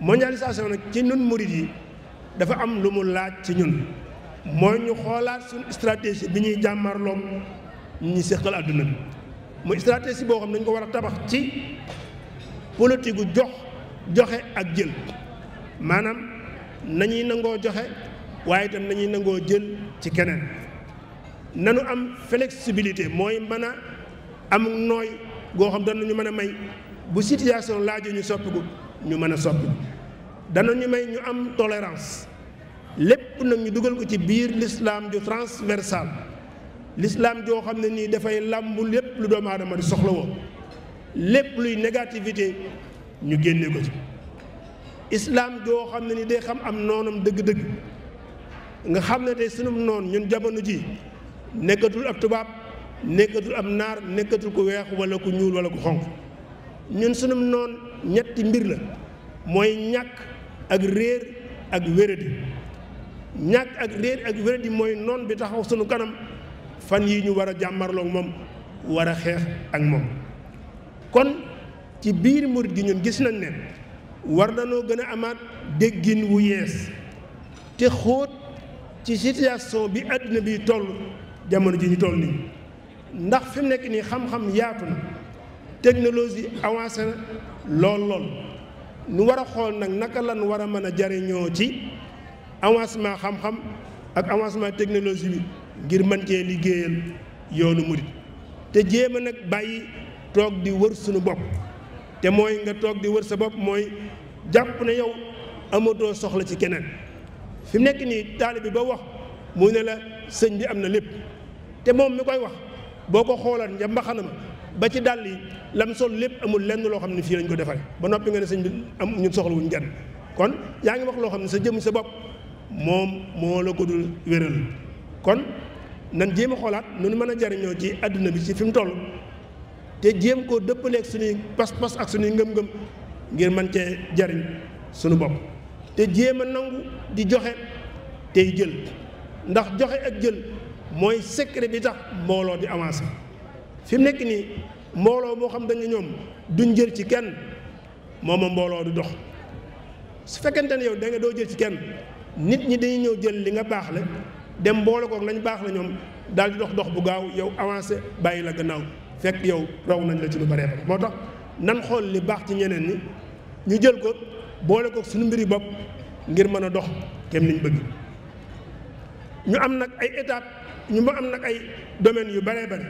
mondialisation nag ci ñun murit yi dafa am lu mu laaj ci ñun mooy ñu xoolaat suñu stratégie bi ñuy jàmmarloom ñu seqal àdduna bi muy stratégie boo xam ne ko war a tabax ci politique gu jox joxe ak jël maanaam nañuy nangoo joxe waaye itam nañuy nangoo jël ci keneen nanu am flexibilité mooy mën a amul nooy goo xam danañu mën a may bu situation laajee ñu soppiku ñu mën a soppiku danañu may ñu am tolérance lépp nag ñu dugal ko ci biir l'islam ju transversal l'islam joo xam ne nii dafay làmb lépp lu doomu aadama di soxla woo lépp luy négativité ñu génne ko ci islam joo xam ne ni day xam am noonam dëgg-dëgg nga xam ne tey sunum noon ñun jamono ji nekkatul ab tubaab nekkatul ab naar nekkatul ku weex wala ku ñuul wala ku xonq ñun sunum noon ñetti mbir la mooy ñàkk ak réer ak wéradi ñàkk ak réer ak wéradi mooy noon bi taxaw sunu kanam fan yi ñu war a jàmmarloog moom war a xeex ak moom kon ci biir murit gi ñun gis nañ ne war nañoo gën a amaat déggin wu yees te xóot ci situation bi àddina bi toll jamono ji ñu toll nii ndax fi mu nekk nii xam-xam yaatu na technologie avancé lool lool nu war a xool nag naka lan war a mën a jariñoo ci avancement xam-xam ak avancement technologie bi ngir mën cee liggéeyal yoonu murit te jéem a nag bàyyi toog di wër suñu bopp te mooy nga toog di wër sa bopp mooy jàpp na yow amatoo soxla ci keneen fi mu nekk nii taali bi ba wax mu ne la sëñ bi am na lépp te moom mi koy wax boo ko xoolaan nga mbaxana ba ci dàll yi lam sol lépp amul lenn loo xam ne fii lañ ko defare ba noppi nga ne sëñ bi am ñu soxla wuñ genn kon yaa ngi wax loo xam ne sa jëm sa bopp moom moo la ko dul wéral kon nan jéem a xoolaat nu mën a jariñoo ci àdduna bi ci fi mu toll te jéem koo dëppaleeg suñuy pas-pas ak suñuy ngëm-ngëm ngir man cee jariñ sunu bopp te jéem a nangu di joxe tey jël ndax joxe ak jël mooy secret bi tax mbooloo di avancé fi mu nekk nii mbooloo moo xam dañu ñoom duñ jël ci kenn mooma mbooloo du dox su fekkente ne yow da doo jël ci kenn nit ñi dañuy ñëw jël li nga baax la dem mboole kook lañ baax la ñoom daal di dox dox bu gaaw yow avancé bàyyi la gannaaw fekk yow raw nañ la ci lu bare ba moo tax nan xool li baax ci ñeneen ñi ñu jël ko boole koog suñu mbiri bopp ngir mën a dox kem niñ bëgg ñu am nag ay étape ñu ma am nag ay domaines yu bare bari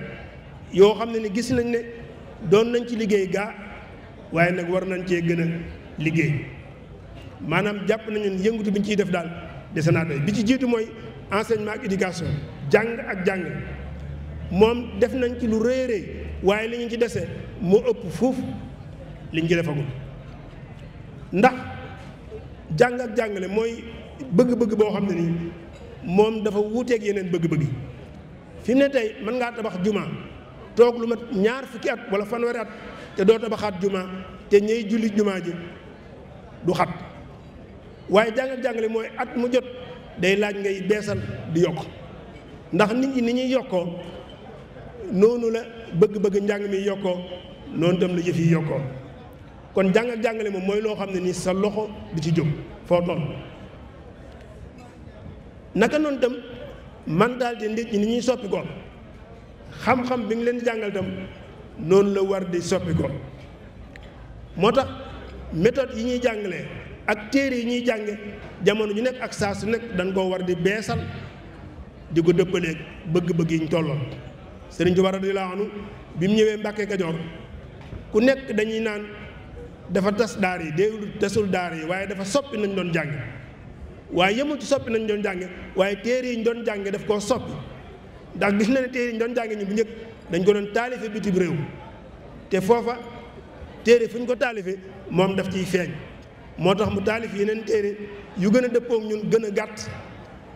yoo xam ne ni gis nañ ne doon nañ ci liggéey gaa waaye nag war nañ cee gën a liggéey maanaam jàpp nañu yëngutu bi ñu ciy def daal dese naa doy bi ci jiitu mooy enseignement ak éducation jàng ak jàng moom def nañ ci lu rëy rëy waaye li ñu ci dese moo ëpp fuuf liñ ci defagul ndax jàng ak jàngale mooy bëgg-bëgg boo xam ne nii moom dafa wuuteeg yeneen bëgg-bëgg fi mu ne tey mën ngaa tabax juma toog lu ma ñaar fukki at wala fanweeri at te doo tabaxaat juma te ñey julli juma ji du xat waaye jàng ak jàngale mooy at mu jot. day laaj ngay beesal di yokk ndax nit ñi ni ñuy yokkoo noonu la bëgg-bëgg njàng mi yokkoo noonu tam la yëf yi yokkoo kon jàngal jàngale moom mooy loo xam ne nii sa loxo di ci jóg foo toll naka noonu tam man nit ñi ni ñuy soppi ko xam-xam bi nga jàngal tam noonu la war di soppi ko moo tax méthode yi ñuy jàngalee ak téere yi ñuy jànge jamono ñu nekk ak saa su nekk dañ koo war di beesal di ko dëppaleeg bëgg-bëgg yi ñu tolloon sëriñ Tuubaa radiyallaahu anhu bi mu ñëwee Mbàkke Kajoor ku nekk dañuy naan dafa tas daar yi déewul tasul daar yi waaye dafa soppi nañ doon jànge waaye yemul ci soppi nañ doon jànge waaye téere yi ñu doon jànge daf koo soppi ndax gis na ne téere yi ñu doon jànge ñu bu njëkk dañ ko doon taalife bitib réew te foofa téere fu ñu ko taalife moom daf ciy feeñ moo tax mu taalif yeneen téere yu gën a dëppoog ñun gën a gàtt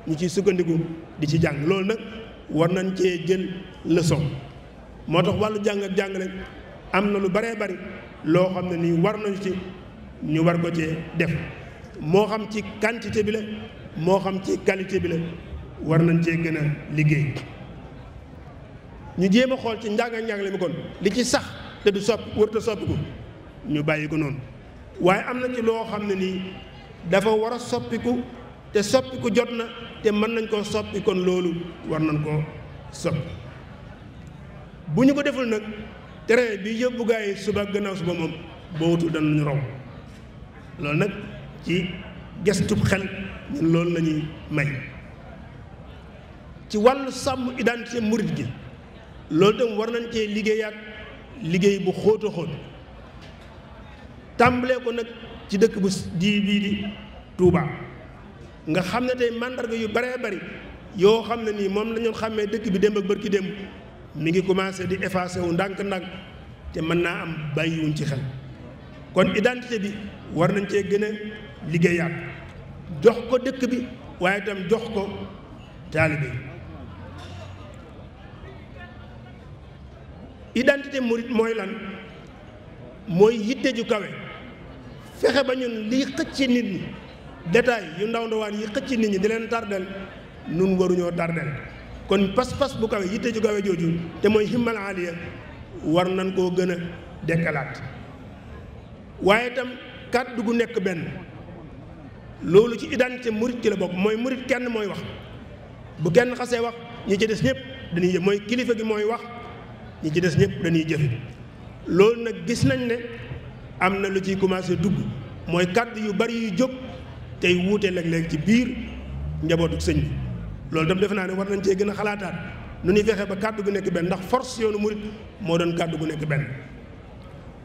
ñu ciy sukkandiku di ci jàng loolu nag war nañ cee jël leçon moo tax wàllu jàng ak jàngale am na lu baree bari loo xam ne nii war nañu ci ñu war ko cee def moo xam ci quantité bi la moo xam ci qualité bi la war nañ cee gën a liggéey ñu jéem a xool ci njàng ak njàngale mi kon li ci sax te du sopp wër te ko ñu bàyyi ko noonu waaye am na ci loo xam ne nii dafa war a soppiku te soppiku jot na te mën nañ koo soppi kon loolu war nañ koo soppi bu ñu ko deful nag tere bi yóbbu gaa yi suba gannaaw suba moom boo wutul danañu romb loolu nag ci gestub xel ñun loolu la ñuy may ci wàllu sàmm identité murit gi loolu tam war nañ cee liggéeyaat liggéey bu xóoto xóot tàmbalee ko nag ci dëkk bu di bii di Touba nga xam ne tey mandarga yu bare bari yoo xam ne nii moom la ñu xàmmee dëkk bi démb ak bërki démb mi ngi commencé di effacé wu ndànk-ndànk te mën naa am bàyyiwuñ ci xel kon identité bi war nañ cee gën a liggéeyaat jox ko dëkk bi waaye itam jox ko taalibe identité murit mooy lan mooy yitte ju kawe fexe ba ñun lii xëcc nit ñi détail yu ndaw ndawaan yi xëcc nit ñi di leen tardel nun waruñoo tardel kon pas-pas bu kawe yitte ju kawe jooju te mooy himmal aaliya war nan koo gën a dekkalaat waaye itam kàdd gu nekk benn loolu ci identité murit ci la bokk mooy murit kenn mooy wax bu kenn xasee wax ñi ci des ñëpp dañuy jëf mooy kilifa gi mooy wax ñi ci des ñëpp dañuy jëf loolu nag gis nañ ne am na lu ciy commencé dugg mooy kàdd yu bari yu jóg tey wuute léeg-léeg ci biir njabootu sëñ bi loolu tam defe naa ne war nañ cee gën a xalaataat nu ñuy fexe ba kàdd gu nekk benn ndax force yoonu murit moo doon kàddu gu nekk benn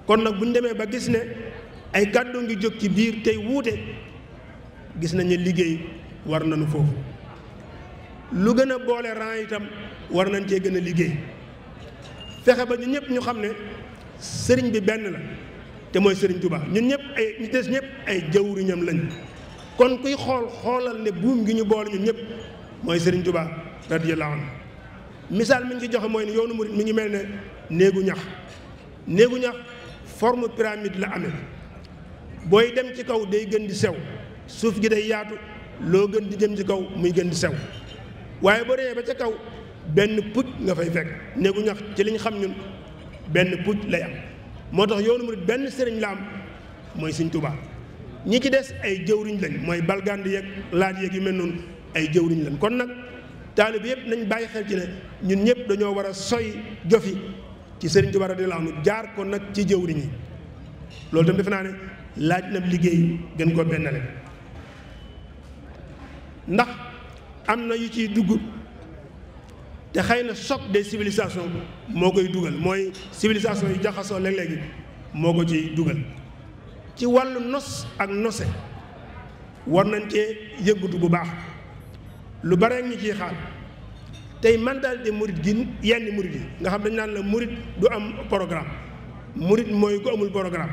kon nag bu ñu demee ba gis ne ay kàddu ngi jóg ci biir tey wuute gis nañ ne liggéey war nañu foofu lu gën a boole rang itam war nañ cee gën a liggéey fexe ba ñu ñëpp ñu xam ne sëriñ bi benn la te mooy Serigne Touba ñun ñëpp ay ñu des ñëpp ay jawriñam lañ kon kuy xool xoolal ne buum gi ñu boole ñun ñëpp mooy Serigne Touba radiyallahu anhu misaal mi ñu ci joxe mooy ne yoonu murit mu ngi mel ne néegu ñax néegu ñax forme pyramide la amee booy dem ci kaw day gën di sew suuf gi day yaatu loo gën di jëm ci kaw muy gën di sew waaye ba demee ba ca kaw benn pucc nga fay fekk néegu ñax ci liñ xam ñun benn pucc lay am moo tax yoonu murit benn sëriñ la am mooy sëriñ Tuubaa ñi ci des ay jëwriñ lañ mooy balgandi yeeg laaj yeeg yu mel noonu ay jëwriñ lañ kon nag taalib yëpp nañ bàyyi xel ci ne ñun ñëpp dañoo war a soy jofi ci sëriñ Tuubaa radiyallaahu anhu jaar ko nag ci jëwriñ yi loolu tam defe naa ne laaj na liggéey gën koo bennale ndax am na yu ciy dugg te xëy na choc des civilisations moo koy dugal mooy civilisation yu jaxasoo léeg-léegi moo ko ci dugal ci wàll nos ak nose war nañ cee yëngatu bu baax lu bare ñi ciy xaar tey man mentalité murit gi yenn murit yi nga xam dañ naan la murit du am programme murit mooy ku amul programme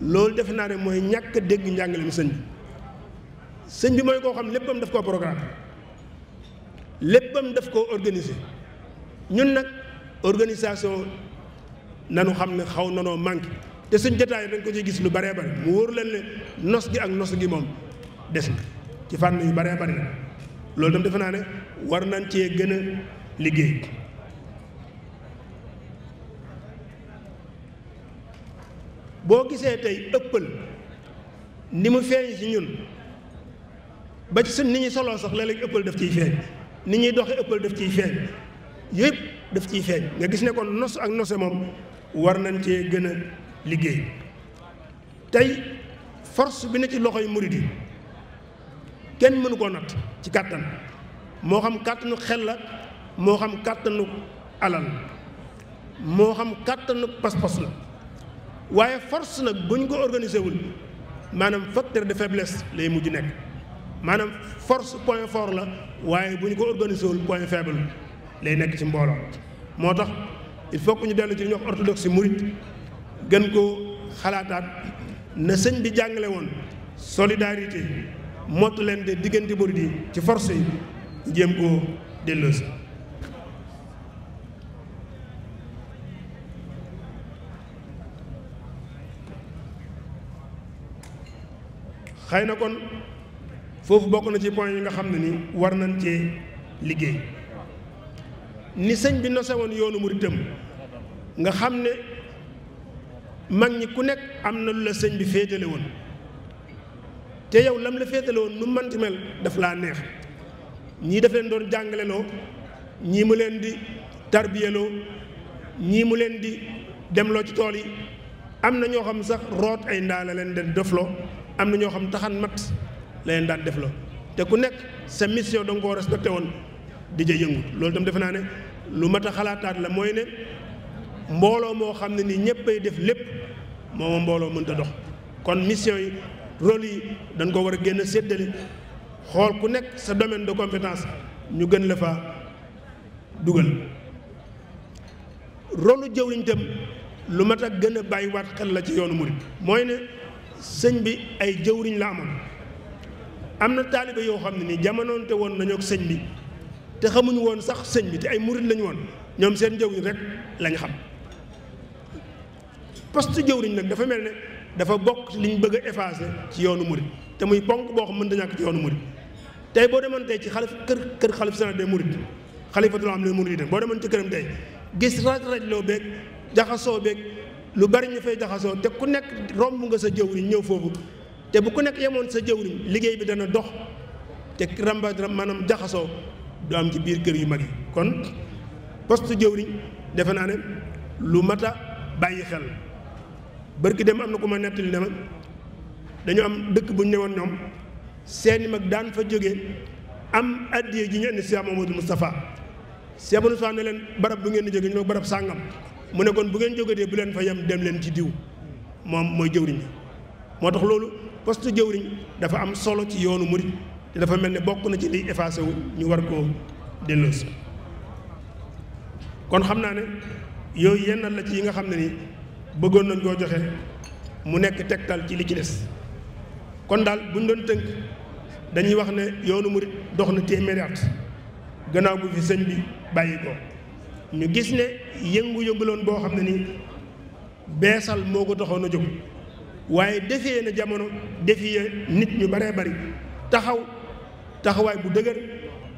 loolu defe naa ne mooy ñàkk dégg njàngale mi sëñ bi sëñ bi mooy koo xam léppam daf koo programme léppam daf ko organise ñun nag organisation nanu xam ne xaw nanoo manqué te suñ jotaay dañ ko ci gis lu baree bari mu wóor leen ne nos gi ak nosu gi moom des na ci fànn yu baree bari loolu tam defe naa ne war nañ cee gën a liggéey boo gisee tey ëppal ni mu feeñ ci ñun ba ci suñ ni ñu soloo sax léeg-léeg ëppal daf ciy feeñ ni ñuy doxee ëppal def ciy feeñ yëpp daf ciy feeñ nga gis ne kon nos ak nose moom war nañ cee gën a liggéey tey force bi ne ci loxoy murid yi kenn mënu koo natt ci kàttan moo xam kàttanu xel la moo xam kàttanu alal moo xam kàttanu pas-pas la waaye force nag buñ ko organisé wul maanaam facteur de faiblesse lay mujj nekk maanaam force point fort la waaye bu ñu ko organisé wul point faible lay nekk ci mbooloo moo tax il faut que ñu dellu ci li ñuy wax orthodoxie murit gën koo xalaataat na sëñ bi jàngale woon solidarité mottu leen de diggante murit yi ci force yi ñu jéem koo delloosi xëy na kon foofu bokk na ci point yi nga xam ne ni war nañ cee liggéey ni sëñ bi nose woon yoonu murit itam nga xam ne mag ñi ku nekk am na lu la sëñ bi féetale woon te yow lam la féetale woon nu manti mel daf laa neex ñii daf leen doon jàngale jàngaleloo ñii mu leen di tarbiyeloo ñii mu leen di demloo ci tool yi am na ñoo xam sax root ay ndaa la leen den dofloo am na ñoo xam taxan mat la leen daan def la te ku nekk sa mission da nga koo respecté woon di ja yëngu loolu tam defe naa ne lu mat a xalaataat la mooy ne mbooloo moo xam ne ni ñëpp ay def lépp mooma mbooloo mënta dox kon mission yi rôle yi dañ ko war a génn séddale xool ku nekk sa domaine de compétence ñu gën la fa dugal rolu jëwriñ tam lu mat a gën a bàyyi bàyyiwaat xel la ci yoonu murit mooy ne sëñ bi ay jëwriñ la amoon am na taalibe yoo xam ne nii jamonoonte woon nañu ak sëñ bi te xamuñu woon sax sëñ bi te ay murit lañu woon ñoom seen yi rek lañ xam jëw jëwriñ nag dafa mel ne dafa bokk liñ bëgg a effacer ci yoonu murit te muy ponk boo xam mën dañàkk ci yoonu murit tey boo demoon tey ci xalif kër kër xalif sana de murit xalifatul am le murit boo demoon ci këram tey gis raj rajloo beeg jaxasoo beeg lu bari ñu fay jaxasoo te ku nekk romb nga sa jëwriñ ñëw foofu te bu ku nekk yemoon sa jëwriñ liggéey bi dana dox te ramba maanaam jaxasoo du am ci biir kër yu mag yi kon poste jëwriñ defe naa ne lu mat a bàyyi xel bërki dem am na ku ma nettali ne dañu am dëkk bu ñu newoon ñoom seeni mag daan fa jóge am addiye ji ñu indi Cheikh Mamadou Moustapha Cheikh Mamadou ne leen barab bu ngeen di jógee ñu sàngam mu ne bu ngeen jógatee bu leen fa yem dem leen ci diw moom mooy jëwriñ moo tax loolu poste jëwriñ dafa am solo ci yoonu murit te dafa mel ni bokk na ci liy effacé wu ñu war koo delloosi kon xam naa ne yooyu yenn la ci yi nga xam ne ni bëggoon nañ koo joxe mu nekk tegtal ci li ci des kon daal buñ doon tënk dañuy wax ne yoonu murit dox na téeméeri at gannaaw bu fi sëñ bi bàyyi ko ñu gis ne yëngu-yënguloon boo xam ne ni beesal moo ko doxoon a jóg waaye defee na jamono defee nit ñu baree bari taxaw taxawaay bu dëgër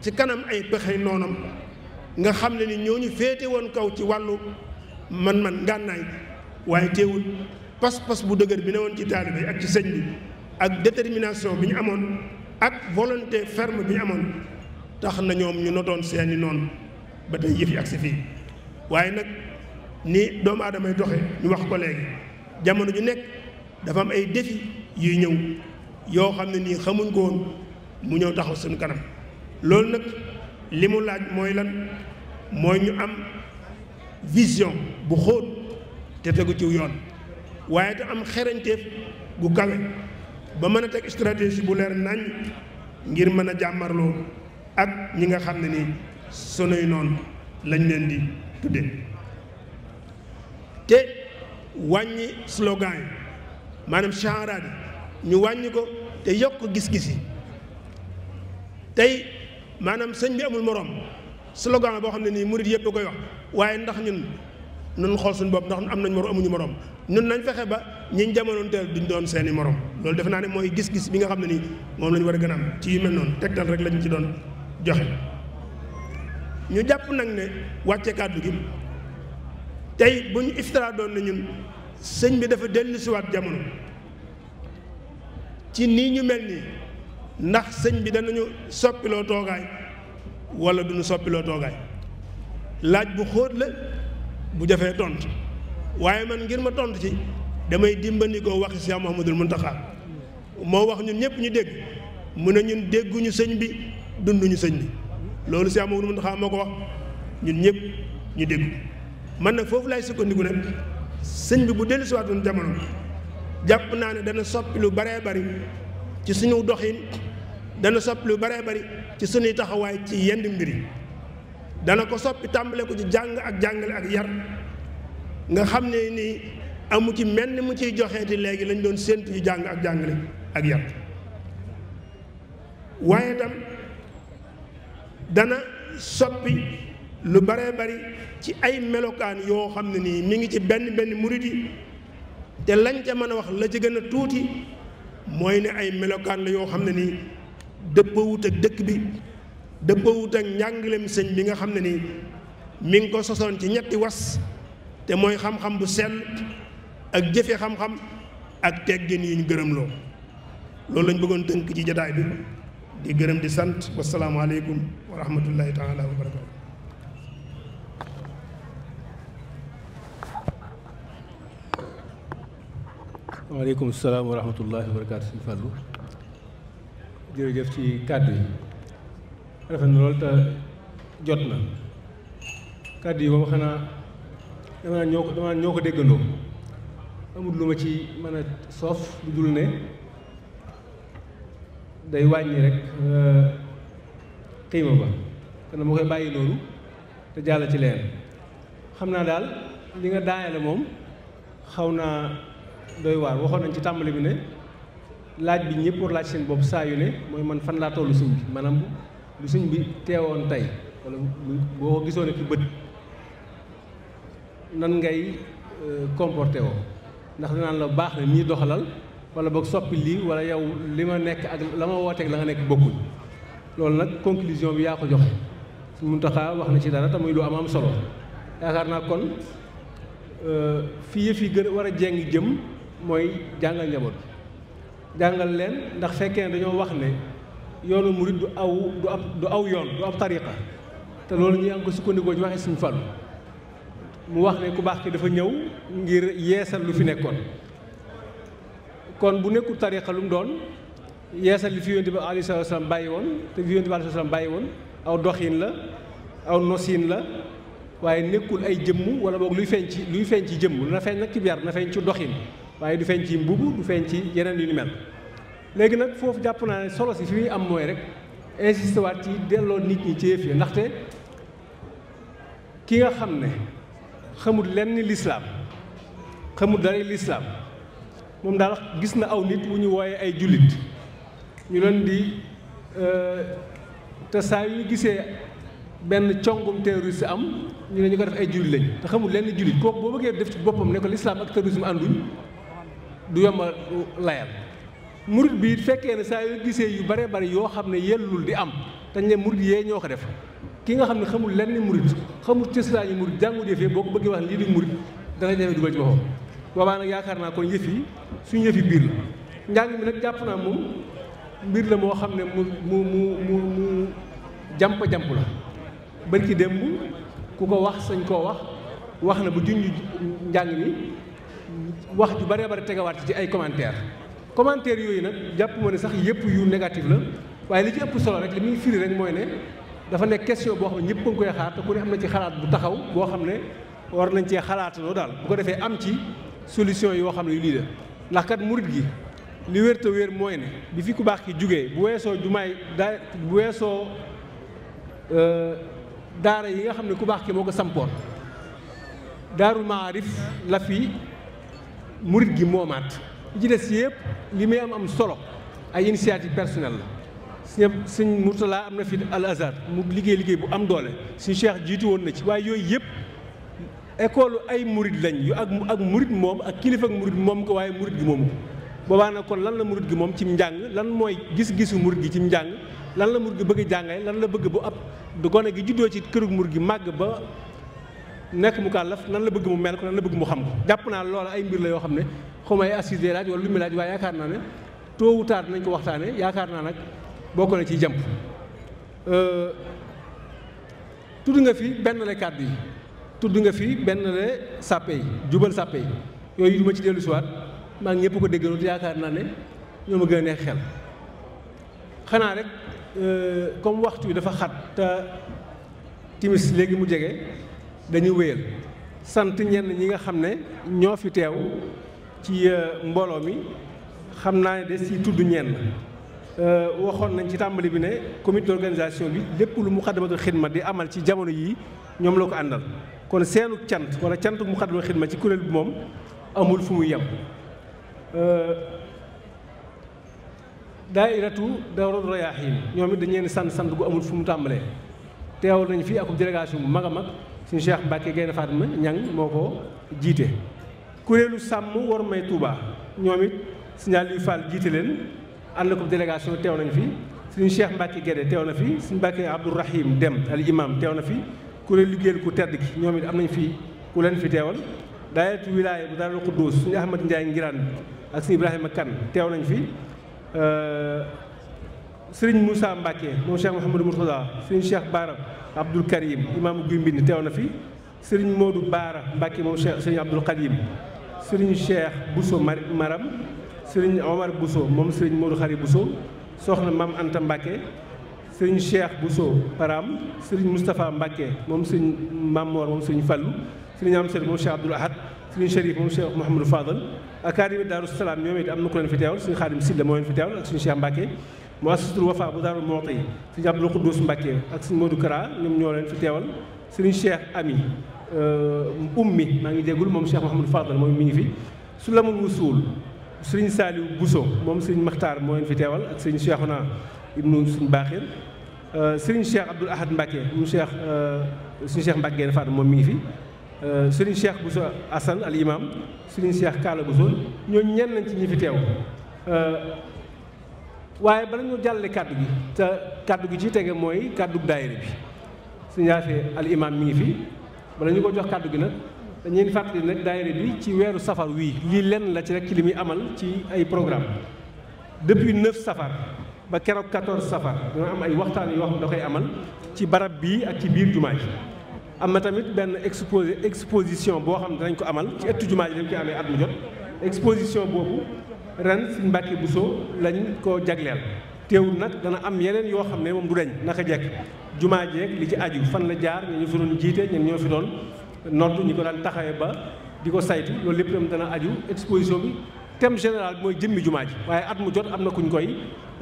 ci kanam ay pexe noonam nga xam ne ni ñoo ñu féete woon kaw ci wàllu man-man ngànnaay waaye teewul pas-pas bu dëgër bi ne woon ci taalibe ak ci sëñ bi ak détermination bi ñu amoon ak volonté ferme bi ñu amoon tax na ñoom ñu notoon seeni noonu ba tey yëf yi ak si fii waaye nag ni doomu aadamay doxe ñu wax ko léegi jamono ju nekk dafa am ay défi yuy ñëw yoo xam ne nii xamuñ ko mu ñëw taxaw suñu kanam loolu nag li mu laaj mooy lan mooy ñu am vision bu xóot te tegu ci yoon waaye te am xerañteef gu kawe ba mën a teg stratégie bu leer nañ ngir mën a jàmmarloo ak ñi nga xam ne ni sunuy noon lañ leen di tudde te wàññi slogan maanaam shaaraat yi ñu wàññi ko te yokk gis-gis yi tey maanaam sëñ bi amul moroom slogan boo xam ne nii murit yëpp da koy wax waaye ndax ñun nun xool suñu bopp ndax am nañ moroom amuñu moroom ñun nañ fexe ba ñiñ jamonoonteel duñ doon seeni moroom loolu defe naa ne mooy gis bi nga xam ne nii moom lañu war a gën a am mel noonu tegtal rek lañu ci doon joxe ñu jàpp nag ne wàcce kàddu gi tey buñ iftara doon ne ñun sëñ bi dafa dellu siwaat jamono ci nii ñu mel nii ndax sëñ bi danañu soppiloo toogaay walla duñu soppiloo toogaay laaj bu xóot la bu jafee tont waaye man ngir ma tontu ci damay dimbandikoo waxi Cheikh Mouhamadul Mountakha moo wax ñun ñëpp ñu dégg mu ne ñun dégguñu sëñ bi dunduñu sëñ bi loolu Cheikh Mouhamadul Mountakha moo ko wax ñun ñëpp ñu dégg man nag foofu laay sukkandiku nag sëñ bi bu dellu si waatoon jamono jàpp naa ne dana soppi lu bare bari ci suñu doxin dana soppi lu baree bari ci suñuy taxawaay ci yenn mbir yi dana ko soppi tàmbale ko ci jàng ak jàngale ak yar nga xam ne nii amu ci mel ni mu ciy joxeeti léegi lañ doon séentu ci jàng ak jàngale ak yar waaye tam dana soppi lu baree bari ci ay melokaan yoo xam ne nii mi ngi ci benn benn murit yi te lañ ca mën a wax la ci gën a tuuti mooy ne ay melokaan la yoo xam ne nii dëppawut ak dëkk bi dëppawut ak njàngaleem sëñ bi nga xam ne nii mi ngi ko sosoon ci ñetti was te mooy xam-xam bu sell ak jëfe xam-xam ak teggin yu ñu gërëm loo loolu lañ bëggoon tënk ci jataay bi di gërëm di sant wasalaamualeykum wa rahmatullahi taala wa barakatu waaleykum salaam wa rahmatullahi wa barakaatu sëñ Fallou jërëjëf ci kàddu yi rafet na na kàddu yi moom xanaa dama naan ko déggandoo amul lu ma ci mën a soof lu dul ne day wàññi rek euh, xiima ba kon ma koy bàyyi loolu te jàll ci leen xam naa daal li nga daanele moom xaw naa doy waar waxoon nañ ci tàmbali bi ne laaj bi ñëpp war laaj seen bopp saa yu ne mooy man fan laa tollu sëñ bi maanaam lu suñ bi teewoon tey wala boo ko gisoon ci bët nan ngay euh, comporté woo ndax danaan la baax na nii doxalal wala boog soppi lii wala yow li ma nekk ak la ma wooteeg la nga nekk bokkuñ loolu nag conclusion bi yaa ko joxe su Muntaxa wax na ci dara te muy lu am am solo yaakaar naa kon euh, fii yëpp yi gën a war a jeng jëm mooy jàngal njaboot jàngal leen ndax fekkee ne dañoo wax ne yoonu murid du aw du ab du aw yoon du ab tariqa te loolu ñu ngi ko sukkandikoo ci waxee suñu Fallu mu wax ne ku baax ki dafa ñëw ngir yeesal lu fi nekkoon kon bu nekkul tariqa lu mu doon yeesal li fi yonent bi alayhi salaam bàyyi woon te fi yonent bi alayhi salaam bàyyi woon aw doxin la aw nosin la waaye nekkul ay jëmm wala boog luy feeñ ci luy feeñ ci jëmm na nag ci biir na feeñ ci doxin waaye du feeñ ci mbubu du feeñ ci yeneen yu ni mel léegi nag foofu jàpp naa ne solo si fi muy am mooy rek insisté waat ci delloo nit ñi ci yëf yi ndaxte ki nga xam ne xamul lenn lislaam xamul dara lislaam moom daal gis na aw nit wu ñu wooye ay jullit ñu leen di euh, te saa yu gisee benn congum terroriste am ñu ne ñu ko def ay jullit lañ te xamul lenn jullit kooku boo bëggee def ci boppam ne ko lislaam ak terrorisme ànduñ du yomb a layal murit bi fekkee ne saa yoo gisee yu bare bari yoo xam ne yellul di am dañ ne murit yee ñoo ko def ki nga xam ne xamul lenn murit xamul cëslaañu murit jàngu jëfee boo ko bëggee wax lii di murit dana jafe dugal ci boppam boobaa nag yaakaar naa kon yëf yi suñ yëf yi biir la njàng mi nag jàpp naa moom mbir la moo xam ne mu mu mu mu jàmp jàmp la bërki démb ku ko wax sañ koo wax wax na bu junj njàng mi wax ju bëree bëri tegawaat ci ay commentaire commentaire yooyu nag jàpp moo ne sax yëpp yu négatif la waaye li ci ëpp solo rek li muy firi rek mooy ne dafa nekk question boo xam ne ñëpp a ngi koy xaar te ku ne am na ci xalaat bu taxaw boo xam ne war nañ cee xalaataloo daal bu ko defee am ci solution yoo xam ne yu lii la ndax kat murit gi li wér te wér mooy ne bi fi ku baax ki jógee bu weesoo jumaay daa bu weesoo euh, daara yi nga xam ne ku baax ki moo ko sampoon daarul murit gi moomaat li ci des yëpp li muy am am solo ay initiative personnel la sëñ sëñ Mourtala am na fi al azhar mu liggéey liggéey bu am doole suñu cheikh jiitu woon na ci waaye yooyu yëpp école ay murit lañ yu ak ak murit moom ak kilifa ak murit moom ko waaye murit gi moom ko boobaa nag kon lan la murit gi moom ci mu njàng lan mooy gis-gisu murit gi ci njàng lan la murit gi bëgg a lan la bëgg bu ab gone gi juddoo ci këru murit gi màgg ba nekk mu kàllaf nan la bëgg mu mel ko nan la bëgg mu xam ko jàpp naa loola ay mbir la yoo xam ne xawma ay assises des laaj wala lu mu laaj waaye yaakaar naa ne tôt ou tard nañ ko waxtaane yaakaar naa nag bokk ciy jàmp euh, tudd nga fi benn la kàddu yi tudd nga fi benn jubal sàppe yooyu du ma ci dellu siwaat maa ngi ñëpp ko déggandoo yaakaar naa ne ñoo ma gën a neex xel xanaa rek euh, comme waxtu bi dafa xat te timis léegi mu jege dañuy wéyal sant ñenn ñi nga xam ne ñoo fi teew ci euh, mbooloo mi xam naa ne des ci tudd ñenn euh, waxoon nañ ci tàmbali bi ne commit d'organisation bi lépp lu Muxaddamatul Xidma di amal ci jamono yii ñoom la ko àndal kon seenu cant wala cantu Muxaddamatul Xidma ci kuréel bi moom amul fu muy yem euh, daairatu Dawratu Rayaahiin ñoom it dañu leen sant sant gu amul fu mu tàmbalee teewal nañ fii ak délégation bu mag a mag suñu Cheikh Mbacke Gaynde ma ñang moo ko jiite kuréelu sàmm war may tuuba ñoom it signal yu Fall jiite leen ànd ko délégation teew nañ fi suñu Cheikh Mbacke Guédé teew na fi suñu Mbacke Abdourahim Dem al imam teew na fi kuréel liggéeyal ku tedd gi ñoom it am nañ fi ku leen fi teewal daayatu wilaaya bu Daarul Xudduus suñu Ahmad Ndiaye Ngiraan ak suñu Ibrahima Kane teew nañ fi euh, sëriñ Moussa Mbacke moom Cheikh Mouhamadou Mourtada sëriñ Cheikh Baara Abdoul Karim imaamu Guy Mbind teew na fi sëriñ Modou Baara Mbacke moom Cheikh sëriñ Abdoul Khadim sëriñ Cheikh Bousso Maram sëriñ Omar Bousso moom sëriñ Modou Khari Bousso soxna Mame Anta Mbacke sëriñ Cheikh Bousso Param sëriñ Moustapha Mbacke moom sëriñ Mamor moom sëriñ Fallou sëriñ am moom Cheikh Abdoul Ahad sëriñ Chérif moom Cheikh Mouhamadou Fadal akademi Daaru Salaam ñoom it am na ku leen fi teewal sëriñ Xaadim Silla moo leen fi muassasatul Wafa bu Daaru Muxti yi sëñ Abdou Khoudous Mbacké ak sëñ Modou Kara ñoom ñoo leen fi teewal sëriñ Cheikh Ami euh, ummi maa ngi jéggul moom Cheikh Mouhamadou Fadal moom mi ngi fi su lamul wusuul sëriñ Saliou Bousso moom sëriñ Makhtar moo fi teewal ak sëriñ Cheikhouna ibnu sëriñ Baaxir sëriñ Cheikh Abdoul Ahad Mbacké mu Cheikh euh, suñu Cheikh moom mi ngi fi euh, sëriñ Cheikh Bousso Assane al imam sëriñ Cheikh Kala Bousso ci ñi fi teew waaye bala ñu jàlle kàddu gi te kàddu gi ci tege mooy kàddu daayira bi su ñaafee al imam mi ngi fi bala ñu ko jox kàddu gi nag dañuy fàttali nag daayira bi ci weeru safar wii lii lenn la ci rek ci li muy amal ci ay programme depuis 9 safar ba keroog 14 safar dina am ay waxtaan yoo xam ne da koy amal ci barab bii ak ci biir jumaa ji am na tamit benn exposé exposition boo xam ne danañ ko amal ci ëttu jumaa ji dañ koy amee at mu jot exposition boobu ren suñ Mbàkke Bousso lañ ko jagleel teewul nag dana am yeneen yoo xam ne moom du dañ naka jekk jumaa jeeg li ci aju fan la jaar ñu fi doon jiite ñun ñoo fi doon noddu ñi ko daan taxawee ba di ko saytu loolu lépp itam dana aju exposition bi tem général bi mooy jëmmi jumaa ji waaye at mu jot am na kuñ koy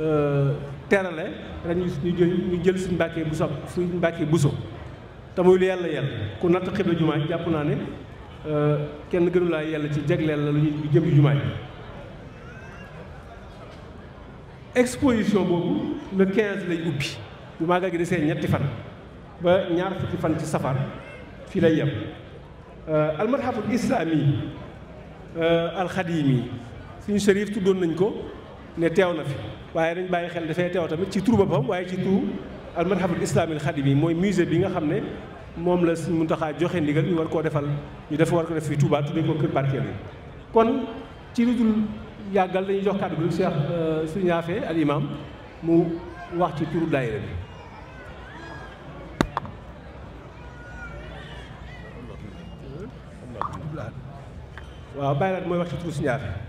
euh, terale ren ñu jël ñu jël suñ Mbàkke Bousso suñ Mbàkke Bousso te muy lu yàlla yàlla ku natt xibla jumaa ji jàpp naa ne euh, kenn gënu laa yàlla ci jagleel la lu ñu jëmmi jumaa ji exposition boobu le 15 lay ubbi bu màggal gi desee ñetti fan ba ñaar fukki fan ci safar fii lay yem euh, almadhaful islaami euh, alxadimi suñu sëriif tuddoon nañ ko ne teew na fi waaye dañ bàyyi xel dafay teew tamit ci turu boppam waaye ci turu almadhaful islaami alxadimi mooy musée bi nga xam ne moom la suñ Muntaxa joxe ndigal ñu war koo defal ñu def war ko def fi Tuubaa tuddee ko kër barkeel yi kon ci lu dul yàggal dañuy jox kàddu bi Cheikh euh, Serigne Afé al imam mu wax ci turu daayira bi waaw bàyyi laat mooy wax ci turu Serigne Afé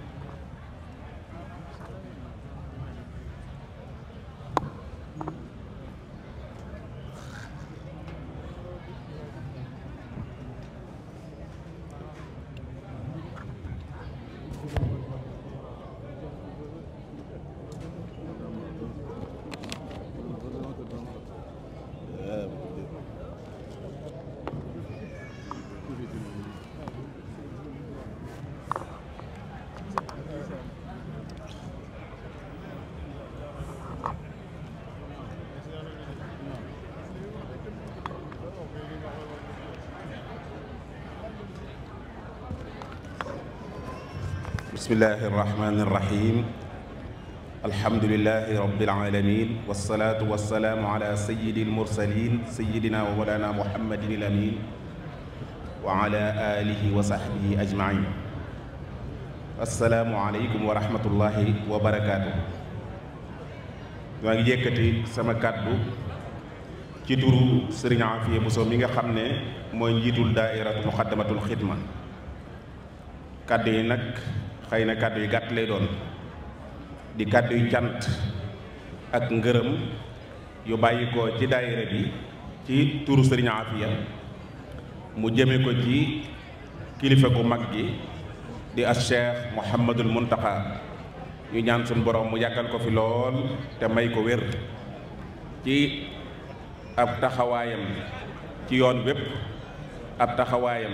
bismillahi irrahmani irrahim alhamdulilahi rabbil alamin wasalaatu wasalaamu ala sayidi almursalin sayidina wa mawlana muhammadin il amin wa ala alihi wa sahbihi ajmain asalaamu aleykum wa rahmatullahi wa barakaatu maa ngi yëkkati sama kàddu ci turu sëriñ Afiya Buso mi nga xam ne mooy njiitul daairatu muqaddamatul xidma kàddu yi nag xëy na kàddu yu gàtt lay doon di kàddu yu cant ak ngërëm yu bàyyi ko ci daayira bi ci turu sëriñ Afia mu jëme ko ci kilifa gu mag gi di as cheikh Mouhamadul Muntaxa ñu ñaan sun borom mu yàggal ko fi lool te may ko wér ci ab taxawaayam ci yoon wépp ab taxawaayam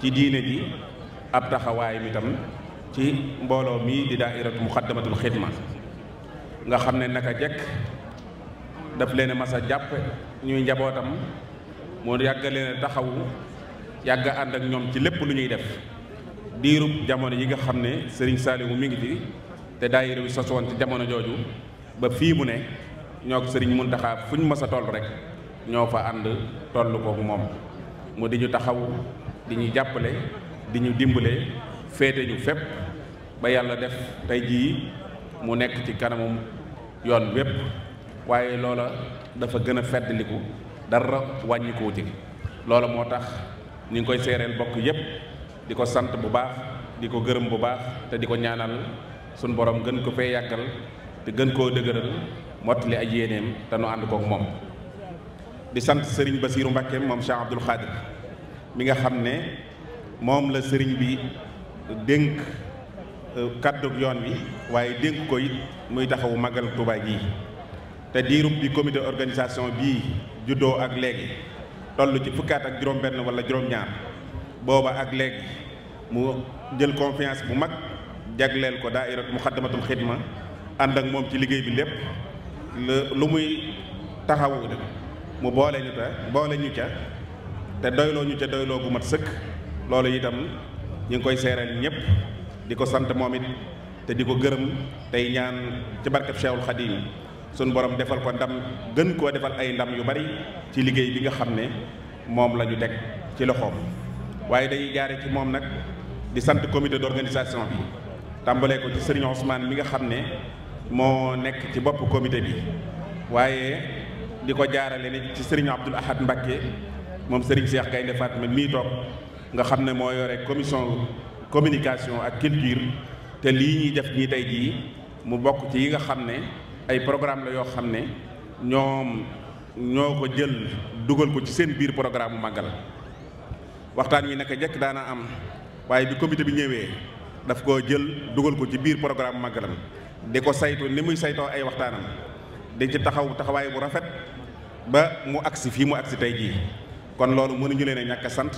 ci diine ji ab taxawaayam itam ci mbooloo mii di daairatu muxaddamatul xidma nga xam ne naka jekk daf leen mas a jàpp ñuy njabootam moo yàgg leen taxawu yàgg ànd ak ñoom ci lépp lu ñuy def diirub jamono yi nga xam ne sëriñ Saalimu mi ngi fi te daayira bi sosoon ci jamono jooju ba fii mu ne ñoo sëriñ Muntaxa fu ñu mas a toll rek ñoo fa ànd toll kook moom mu di ñu taxawu di ñu jàppale di ñu dimbale féete ñu fépp ba yàlla def tey jii mu nekk ci kanamum yoon wépp waaye loola dafa gën a feddliku dara wàññikuwu ci loola moo tax ñu ngi koy seereel bokk yépp di ko sant bu baax di ko gërëm bu baax te di ko ñaanal suñ borom gën ko fee yàggal te gën koo dëgëral mottali ay yéeneem te nu ànd kook moom di sant sëriñ ba Basiiru Mbàkke moom Cheikh Abdoul Khadir mi nga xam ne moom la sëriñ bi dénk euh, kàddug yoon wi waaye dénk ko it muy taxawu màggal Tuubaa gi te diirub bi comité organisation bii juddoo ak léegi toll ci fukkaat ak juróom-benn wala juróom-ñaar booba ak léegi mu jël confiance bu mag jagleel ko daa daairat muxaddamatul xidma ànd ak moom ci liggéey bi lépp lu muy taxawu mu boole ñu ta boole ñu ca te doyloo ñu ca doyloo bu mat sëkk loolu itam ñu ngi koy seereel ñëpp di ko sant moom it te di ko gërëm tey ñaan ci barkeb Cheikhul Khadim suñ borom defal ko ndam gën koo defal ay ndam yu bari ci liggéey bi nga xam ne moom lañu ñu teg ci loxoom waaye day jaare ci moom nag di sant comité d'organisation bi tàmbalee ko ci sëriñ Ousmane mi nga xam ne moo nekk ci bopp comité bi waaye di ko jaarale ne ci sëriñ Abdoul Ahad Mbacké moom sëriñ Cheikh Gaynde Fatma mii toog nga xam ne moo yore commission communication ak culture te lii ñuy def ñi tey jii mu bokk ci yi nga xam ne ay programme la yoo xam ne ñoom ñoo ko jël dugal ko ci seen biir programme mu màggal waxtaan wi naka jekk daana am waaye bi comité bi ñëwee daf koo jël dugal ko ci biir programme màggalam di ko saytu ni muy saytoo ay waxtaanam di ci taxaw taxawaay bu rafet ba mu agsi fii mu agsi tey jii kon loolu mënuñu leen a ñàkk a sant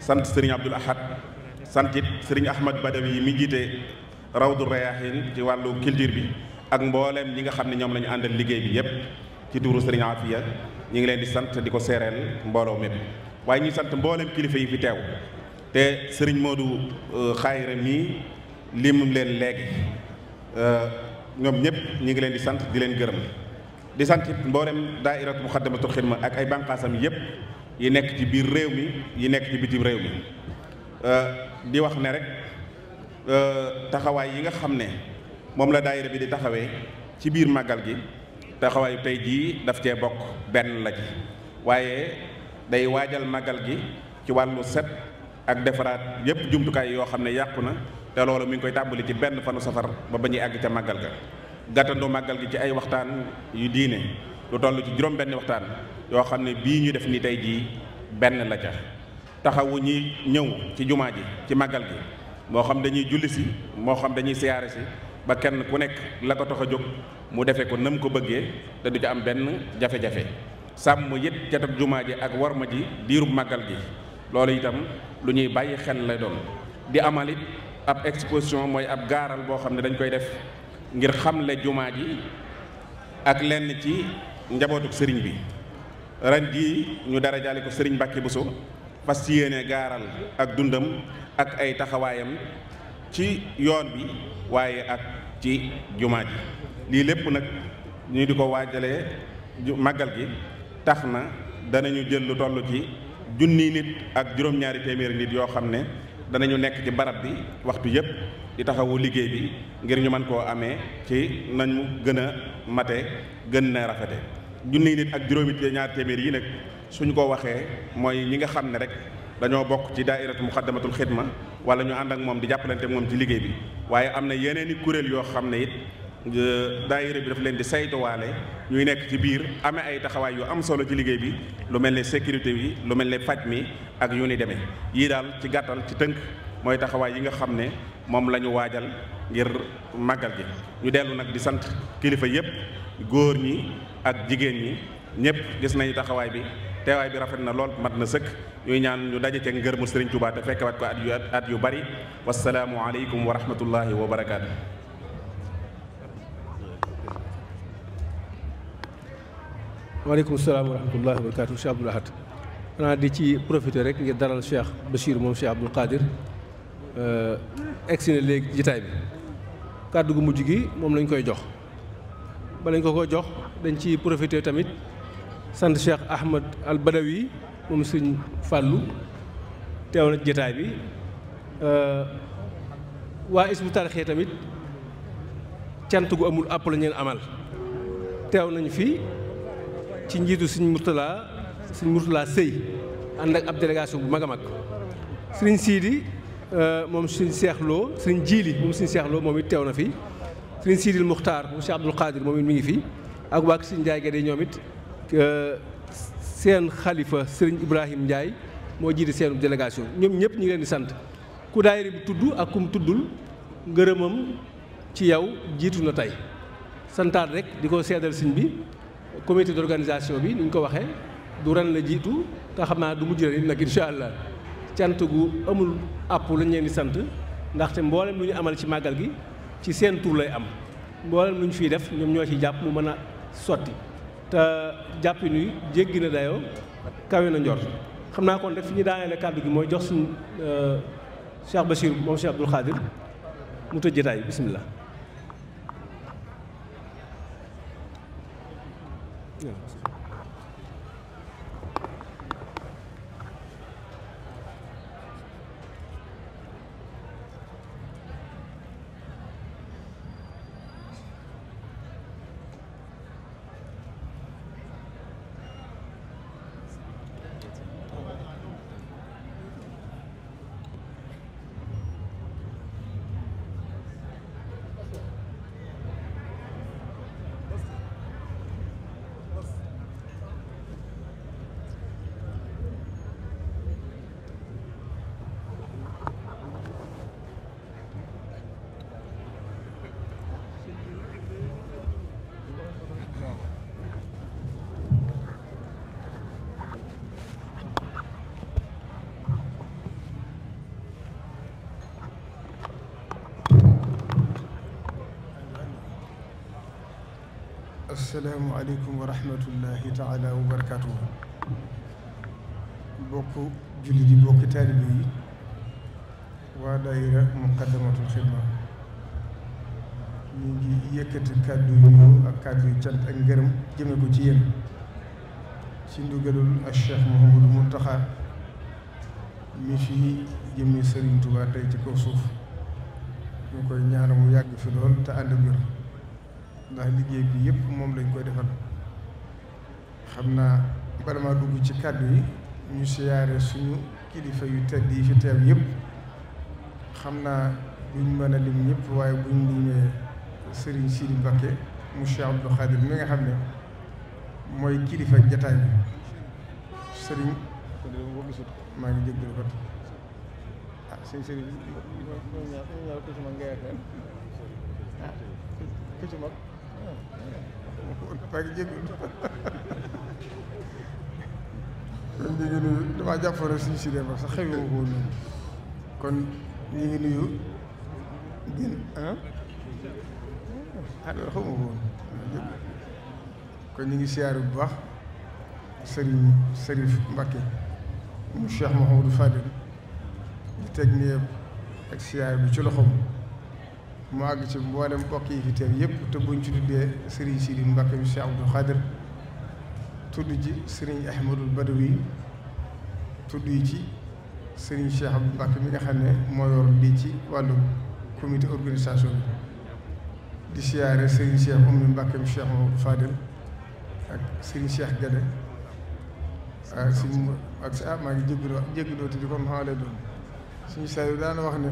sant sëriñ Abdul Ahad sant it sëriñ Ahmad Badawi mu jiite Rawdu Rayaahin ci wàllu culture bi ak mbooleem ñi nga xam ne ñoom lañu ñu àndal liggéey bi yépp ci tuuru sëriñ Afiya ñu ngi leen di sant di ko seereel mbooloo mépp waaye ñuy sant mbooleem kilifa yi fi teew te sëriñ Modou euh, mi lii mu leen léegi euh, ñoom ñëpp ñu ngi leen di sant di leen gërëm di sant it mboolem daairatu Muxaddamatul Xidma ak ay bànqaasam yépp yi nekk ci biir réew mi yi nekk ci bitim réew mi euh, di wax ne rek euh, taxawaay yi nga xam ne moom la daayira bi di taxawee ci biir màggal gi taxawaayu tey jii daf cee bokk benn la ci waaye day waajal màggal gi ci wàllu set ak defaraat yépp jumtukaay yoo xam ne yàqu na te loolu mu ngi koy tàmbali ci benn fanu safar ba ba ñuy àgg ca màggal ga gàttandu màggal gi ci ay waxtaan yu diine lu toll ci juróom benn waxtaan yoo xam ne bii ñu def ni tey jii benn la taxawu ñuy ñëw ci jumaa ji ci màggal gi moo xam dañuy julli si moo xam dañuy siyaare si ba kenn ku nekk la ko tax a jóg mu defee ko nam ko bëggee te du ci am benn jafe-jafe sàmm it catab jumaa ji ak warma ji diirub màggal gi loolu itam lu ñuy bàyyi xel lay doon di amalit ab exposition mooy ab gaaral boo xam ne dañ koy def ngir xamle jumaa ji ak lenn ci njabootuk sëriñ bi ren gi ñu dara jaale ko sëriñ Mbàkke Bousso fas ci yéene gaaral ak dundam ak ay taxawaayam ci yoon bi waaye ak ci jumaa ji lii lépp nag ñu di ko waajalee màggal gi tax na danañu jël lu toll ci junni nit ak juróom-ñaari téeméeri nit yoo xam ne danañu nekk ci barab bi waxtu yëpp di taxawu liggéey bi ngir ñu mën koo amee ci nañu gën a mate gën na rafete junni nit ak juróomi ñaar téeméer yi nag suñu ko waxee mooy ñi nga xam ne rek dañoo bokk ci daairatu muxaddamatul xidma wala ñu ànd ak moom di jàppalante moom ci liggéey bi waaye am na yeneen i kuréel yoo xam ne it daayira bi daf leen di saytuwaale ñuy nekk ci biir ame ay taxawaay yu am solo ci liggéey bi lu mel ne sécurité yi lu mel ne faj mi ak yu ni deme yii daal ci gàttal ci tënk mooy taxawaay yi nga xam ne moom la ñu waajal ngir màggal gi ñu dellu nag di sant kilifa yépp góor ñi ak jigéen ñi ñépp gis nañu taxawaay bi teewaay bi rafet na lool mat na sëkk ñuy ñaan ñu daje ci ngërmu Sëriñ Tuubaa te fekkewaat ko at yu at yu bari wasalaamu aleykum wa rahmatullahi wa barakaatu waaleykum salaam wa rahmatullahi wa barakaatu Cheikh Abdoul Ahad xanaa di ci profité rek ngir dalal Cheikh Bachir moom Cheikh Abdoul Qadir euh, egsi na léegi jitaay bi kàddu gu mujj gi moom lañ koy jox ba lañ ko ko jox dañ ci profité tamit sant Cheikh Ahmad al Badawi moom sëñ Fàllu teew na jitaay bi euh, waa Hizbut Tarqiyyah tamit cant gu amul àpp la ñeen amal teew nañ fi ci njiitu sëñ Mourtala sëñ Mourtala sëy ànd ak ab délégation bu mag a mag sëriñ Siidi euh, moom sëriñ Seex Lo sëriñ Jiili moom sëriñ Seex moom it teew na fi sëriñ Siidil Muxtaar mu Seex Abdul Xaadir moom it mu ngi fi ak waa sëriñ Njaay Gede ñoom it euh, seen xalifa sëriñ Ibrahim Ndiaye moo jiite seenu délégation ñoom ñëpp ñu leen di sant ku daayira bi tudd ak kum tuddul ngërëmam ci yow jiitu na tey santaat rek di ko seedal siñ bi commité d'organisation bi ni ñu ko waxee du ren la jiitu te xam naa du mujj ni nag incha allah cant gu amul àpp lañ leen di sant ndaxte mboolem lu ñu amal ci màggal gi ci seen tur lay am mboolem lu ñu fiy def ñoom ñoo ci jàpp mu mën a sotti te jàpp ni jéggi na dayoo kawe na njort xam naa kon rek fi ñu daaneele kàddu gi mooy jox suñu euh, Cheikh Bachir moom Cheikh Abdoul Khadir mu tëj jotaay bisimilah. asalaamualeykum wa rahmatullahi taala wa barakaatu. bokk jullit yi bokk taalibe yi waa daayira muqaddamatul xidma ñu ngi yëkkati kàddu yu ak kàddu yu cant ak ngërëm ko ci yéen ci ndugalul ak Cheikh Mouhamadou Mountakha mi fi jëmmi Serigne Touba tey ci kaw suuf ñu koy ñaanal mu yàgg fi lool te ànd ak ndax liggéey bi yëpp moom lañ koy defal xam naa bala dugg ci kàddu yi ñu siyaare suñu kilifa yu tedd yi fi teew yëpp xam naa buñ mën a lim ñëpp waaye buñ limee Serigne Sidi Mbacké mu Cheikh Abdou Khadir mi nga xam ne mooy kilifa jataay bi Serigne maa ngi jéggal ko ah sëñ Serigne ñoom ñaar ñaar ku ci waaye jégalu kon ñu ngi nuyu damaa si dee sax xëy na woo noonu kon ñu ngi nuyu gin ah ah loolu xaw ma woon kon ñu ngi siyaare bu baax Serigne Serif Mbacké mu Cheikh Mouhamadou Fadil di teg nii ak siyaare bi ci loxoom. mu àgg ci mboolem mbokk yi fi teew yëpp te buñ ci tuddee Serigne Sidi Mbacke bi Cheikh Abdou Khadir tudd ji Serigne Ahmadul Badawi tudd yi ci sëriñ Cheikh Abdou Mbacke mi nga xam ne moo yor ci wàllu comité organisation bi di siyaare Serigne Cheikh Oumy Mbacke bi Cheikh ak Cheikh Gade ak ah, si ak si ah maa ngi jégalu jégalu te di ko maa lay suñu saa yu wax ne.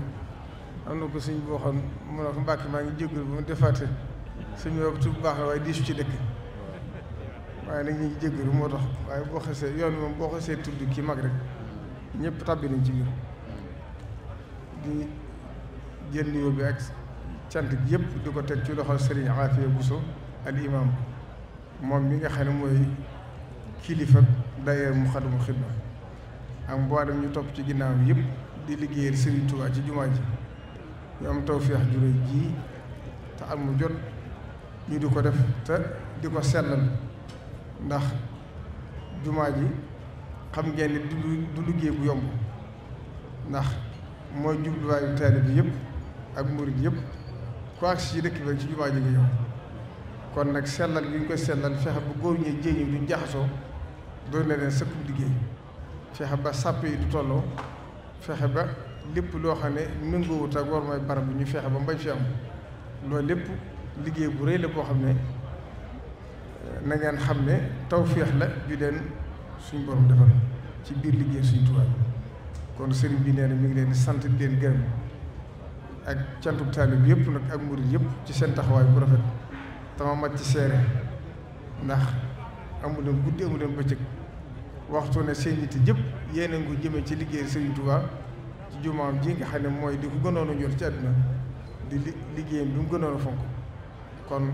am na ko sëñ boo xam mu ne ko mbàkk maa ngi jégalu ba mu defaate suñu yow bu baax la waaye diisu ci dëkk waaye nag ñu ngi jégalu moo tax waaye boo xasee yoon moom boo xasee tudd kii mag rek ñëpp tàbbi nañ ci biir di jël nuyoo bi ak cant gi yëpp di ko teg ci loxo Serigne Afia Bousso al imam moom mi nga xam ne mooy kilifa daayira Moukhaddamatoul Khidma ak mboolem ñu topp ci ginnaaw yëpp di liggéeyal Serigne Touba ci jumaa ji. ñu am tawféex juré ji te at mu jot ñu di ko def te di ko sellal ndax jumaa ji xam ngeen ni du du liggéey bu yomb ndax mooy jubluwaayu taalibe bi yëpp ak murid yëpp ku agsi ci ci jumaa ji nga kon nag sellal gi koy sellal fexe ba góor ñi jéeg ñi duñ jaxasoo doon na leen liggéey fexe ba sàpp yi du tolloo fexe ba lépp loo xam ne méngoowut ak war mooy barab bi ñu feexe ba mbañ fi am loolu lépp liggéey bu rëy la boo xam ne eh, na ngeen xam ne taw tawféex la ju leen suñ borom defal ci biir liggéey suñ tubaab kon sëriñ bi nee na mi ngi leen di sant di leen gërëm ak cantub bi yëpp nag ak murid yëpp ci seen taxawaay bu rafet tama mat ci seere ndax amuleen guddi amuleen bëccëg waxtu ne seen yitte jëpp yéen a ngi ko jëmee ci liggéey sëriñ tubaab ci jumaam ji nga xam ne mooy di ko gënoon a ñor ci àdduna di li liggéeyam bi mu gënoon fonk kon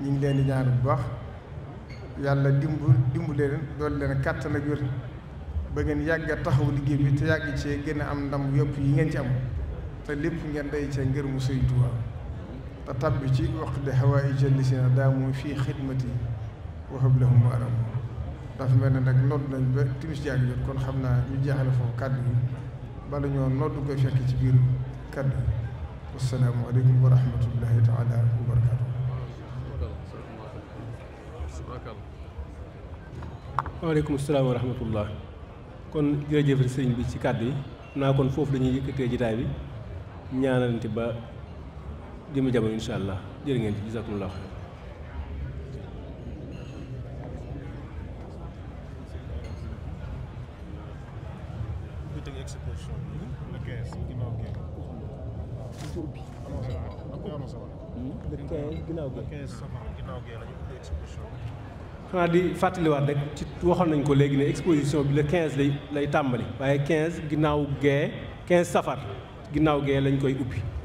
ñu ngi leen di ñaan bu baax yàlla dimb dimb leen dool leen kàttan ak ba ngeen yàgg a taxaw liggéey bi te yàgg cee gën a am ndam yëpp yi ngeen ci am te lépp ngeen day cee ngër mu Sëriñ Tuubaa te tabbi ci waqti hawaa'i jalisina daamu fii xidmati wa hab lahum aram dafa mel ne nag nodd nañ ba timis jàng jot kon xam naa ñu jeexale foofu kàddu yi bala ñoo noddu koy fekk ci biir kàddu wassalaamu aleykum wa rahmatullahi taala wa barakaatu waaleykum salaam wa rahmatullah kon jërëjëf sëriñ bi ci kàddu yi naa kon foofu dañuy yëkkatee jitaay bi ñaanalante ba jëm jamono insha allah jërë ngeen ci jazakumullahu xeyr ñuy tëj exposition bi. Mhm. le 15 ginnaaw xanaa di fàttaliwaat rek ci waxoon nañ ko léegi ne exposition bi le quinze lay lay tàmbali waaye quinze ginnaaw gee 15 safar ginnaaw gee lañ koy ubbi.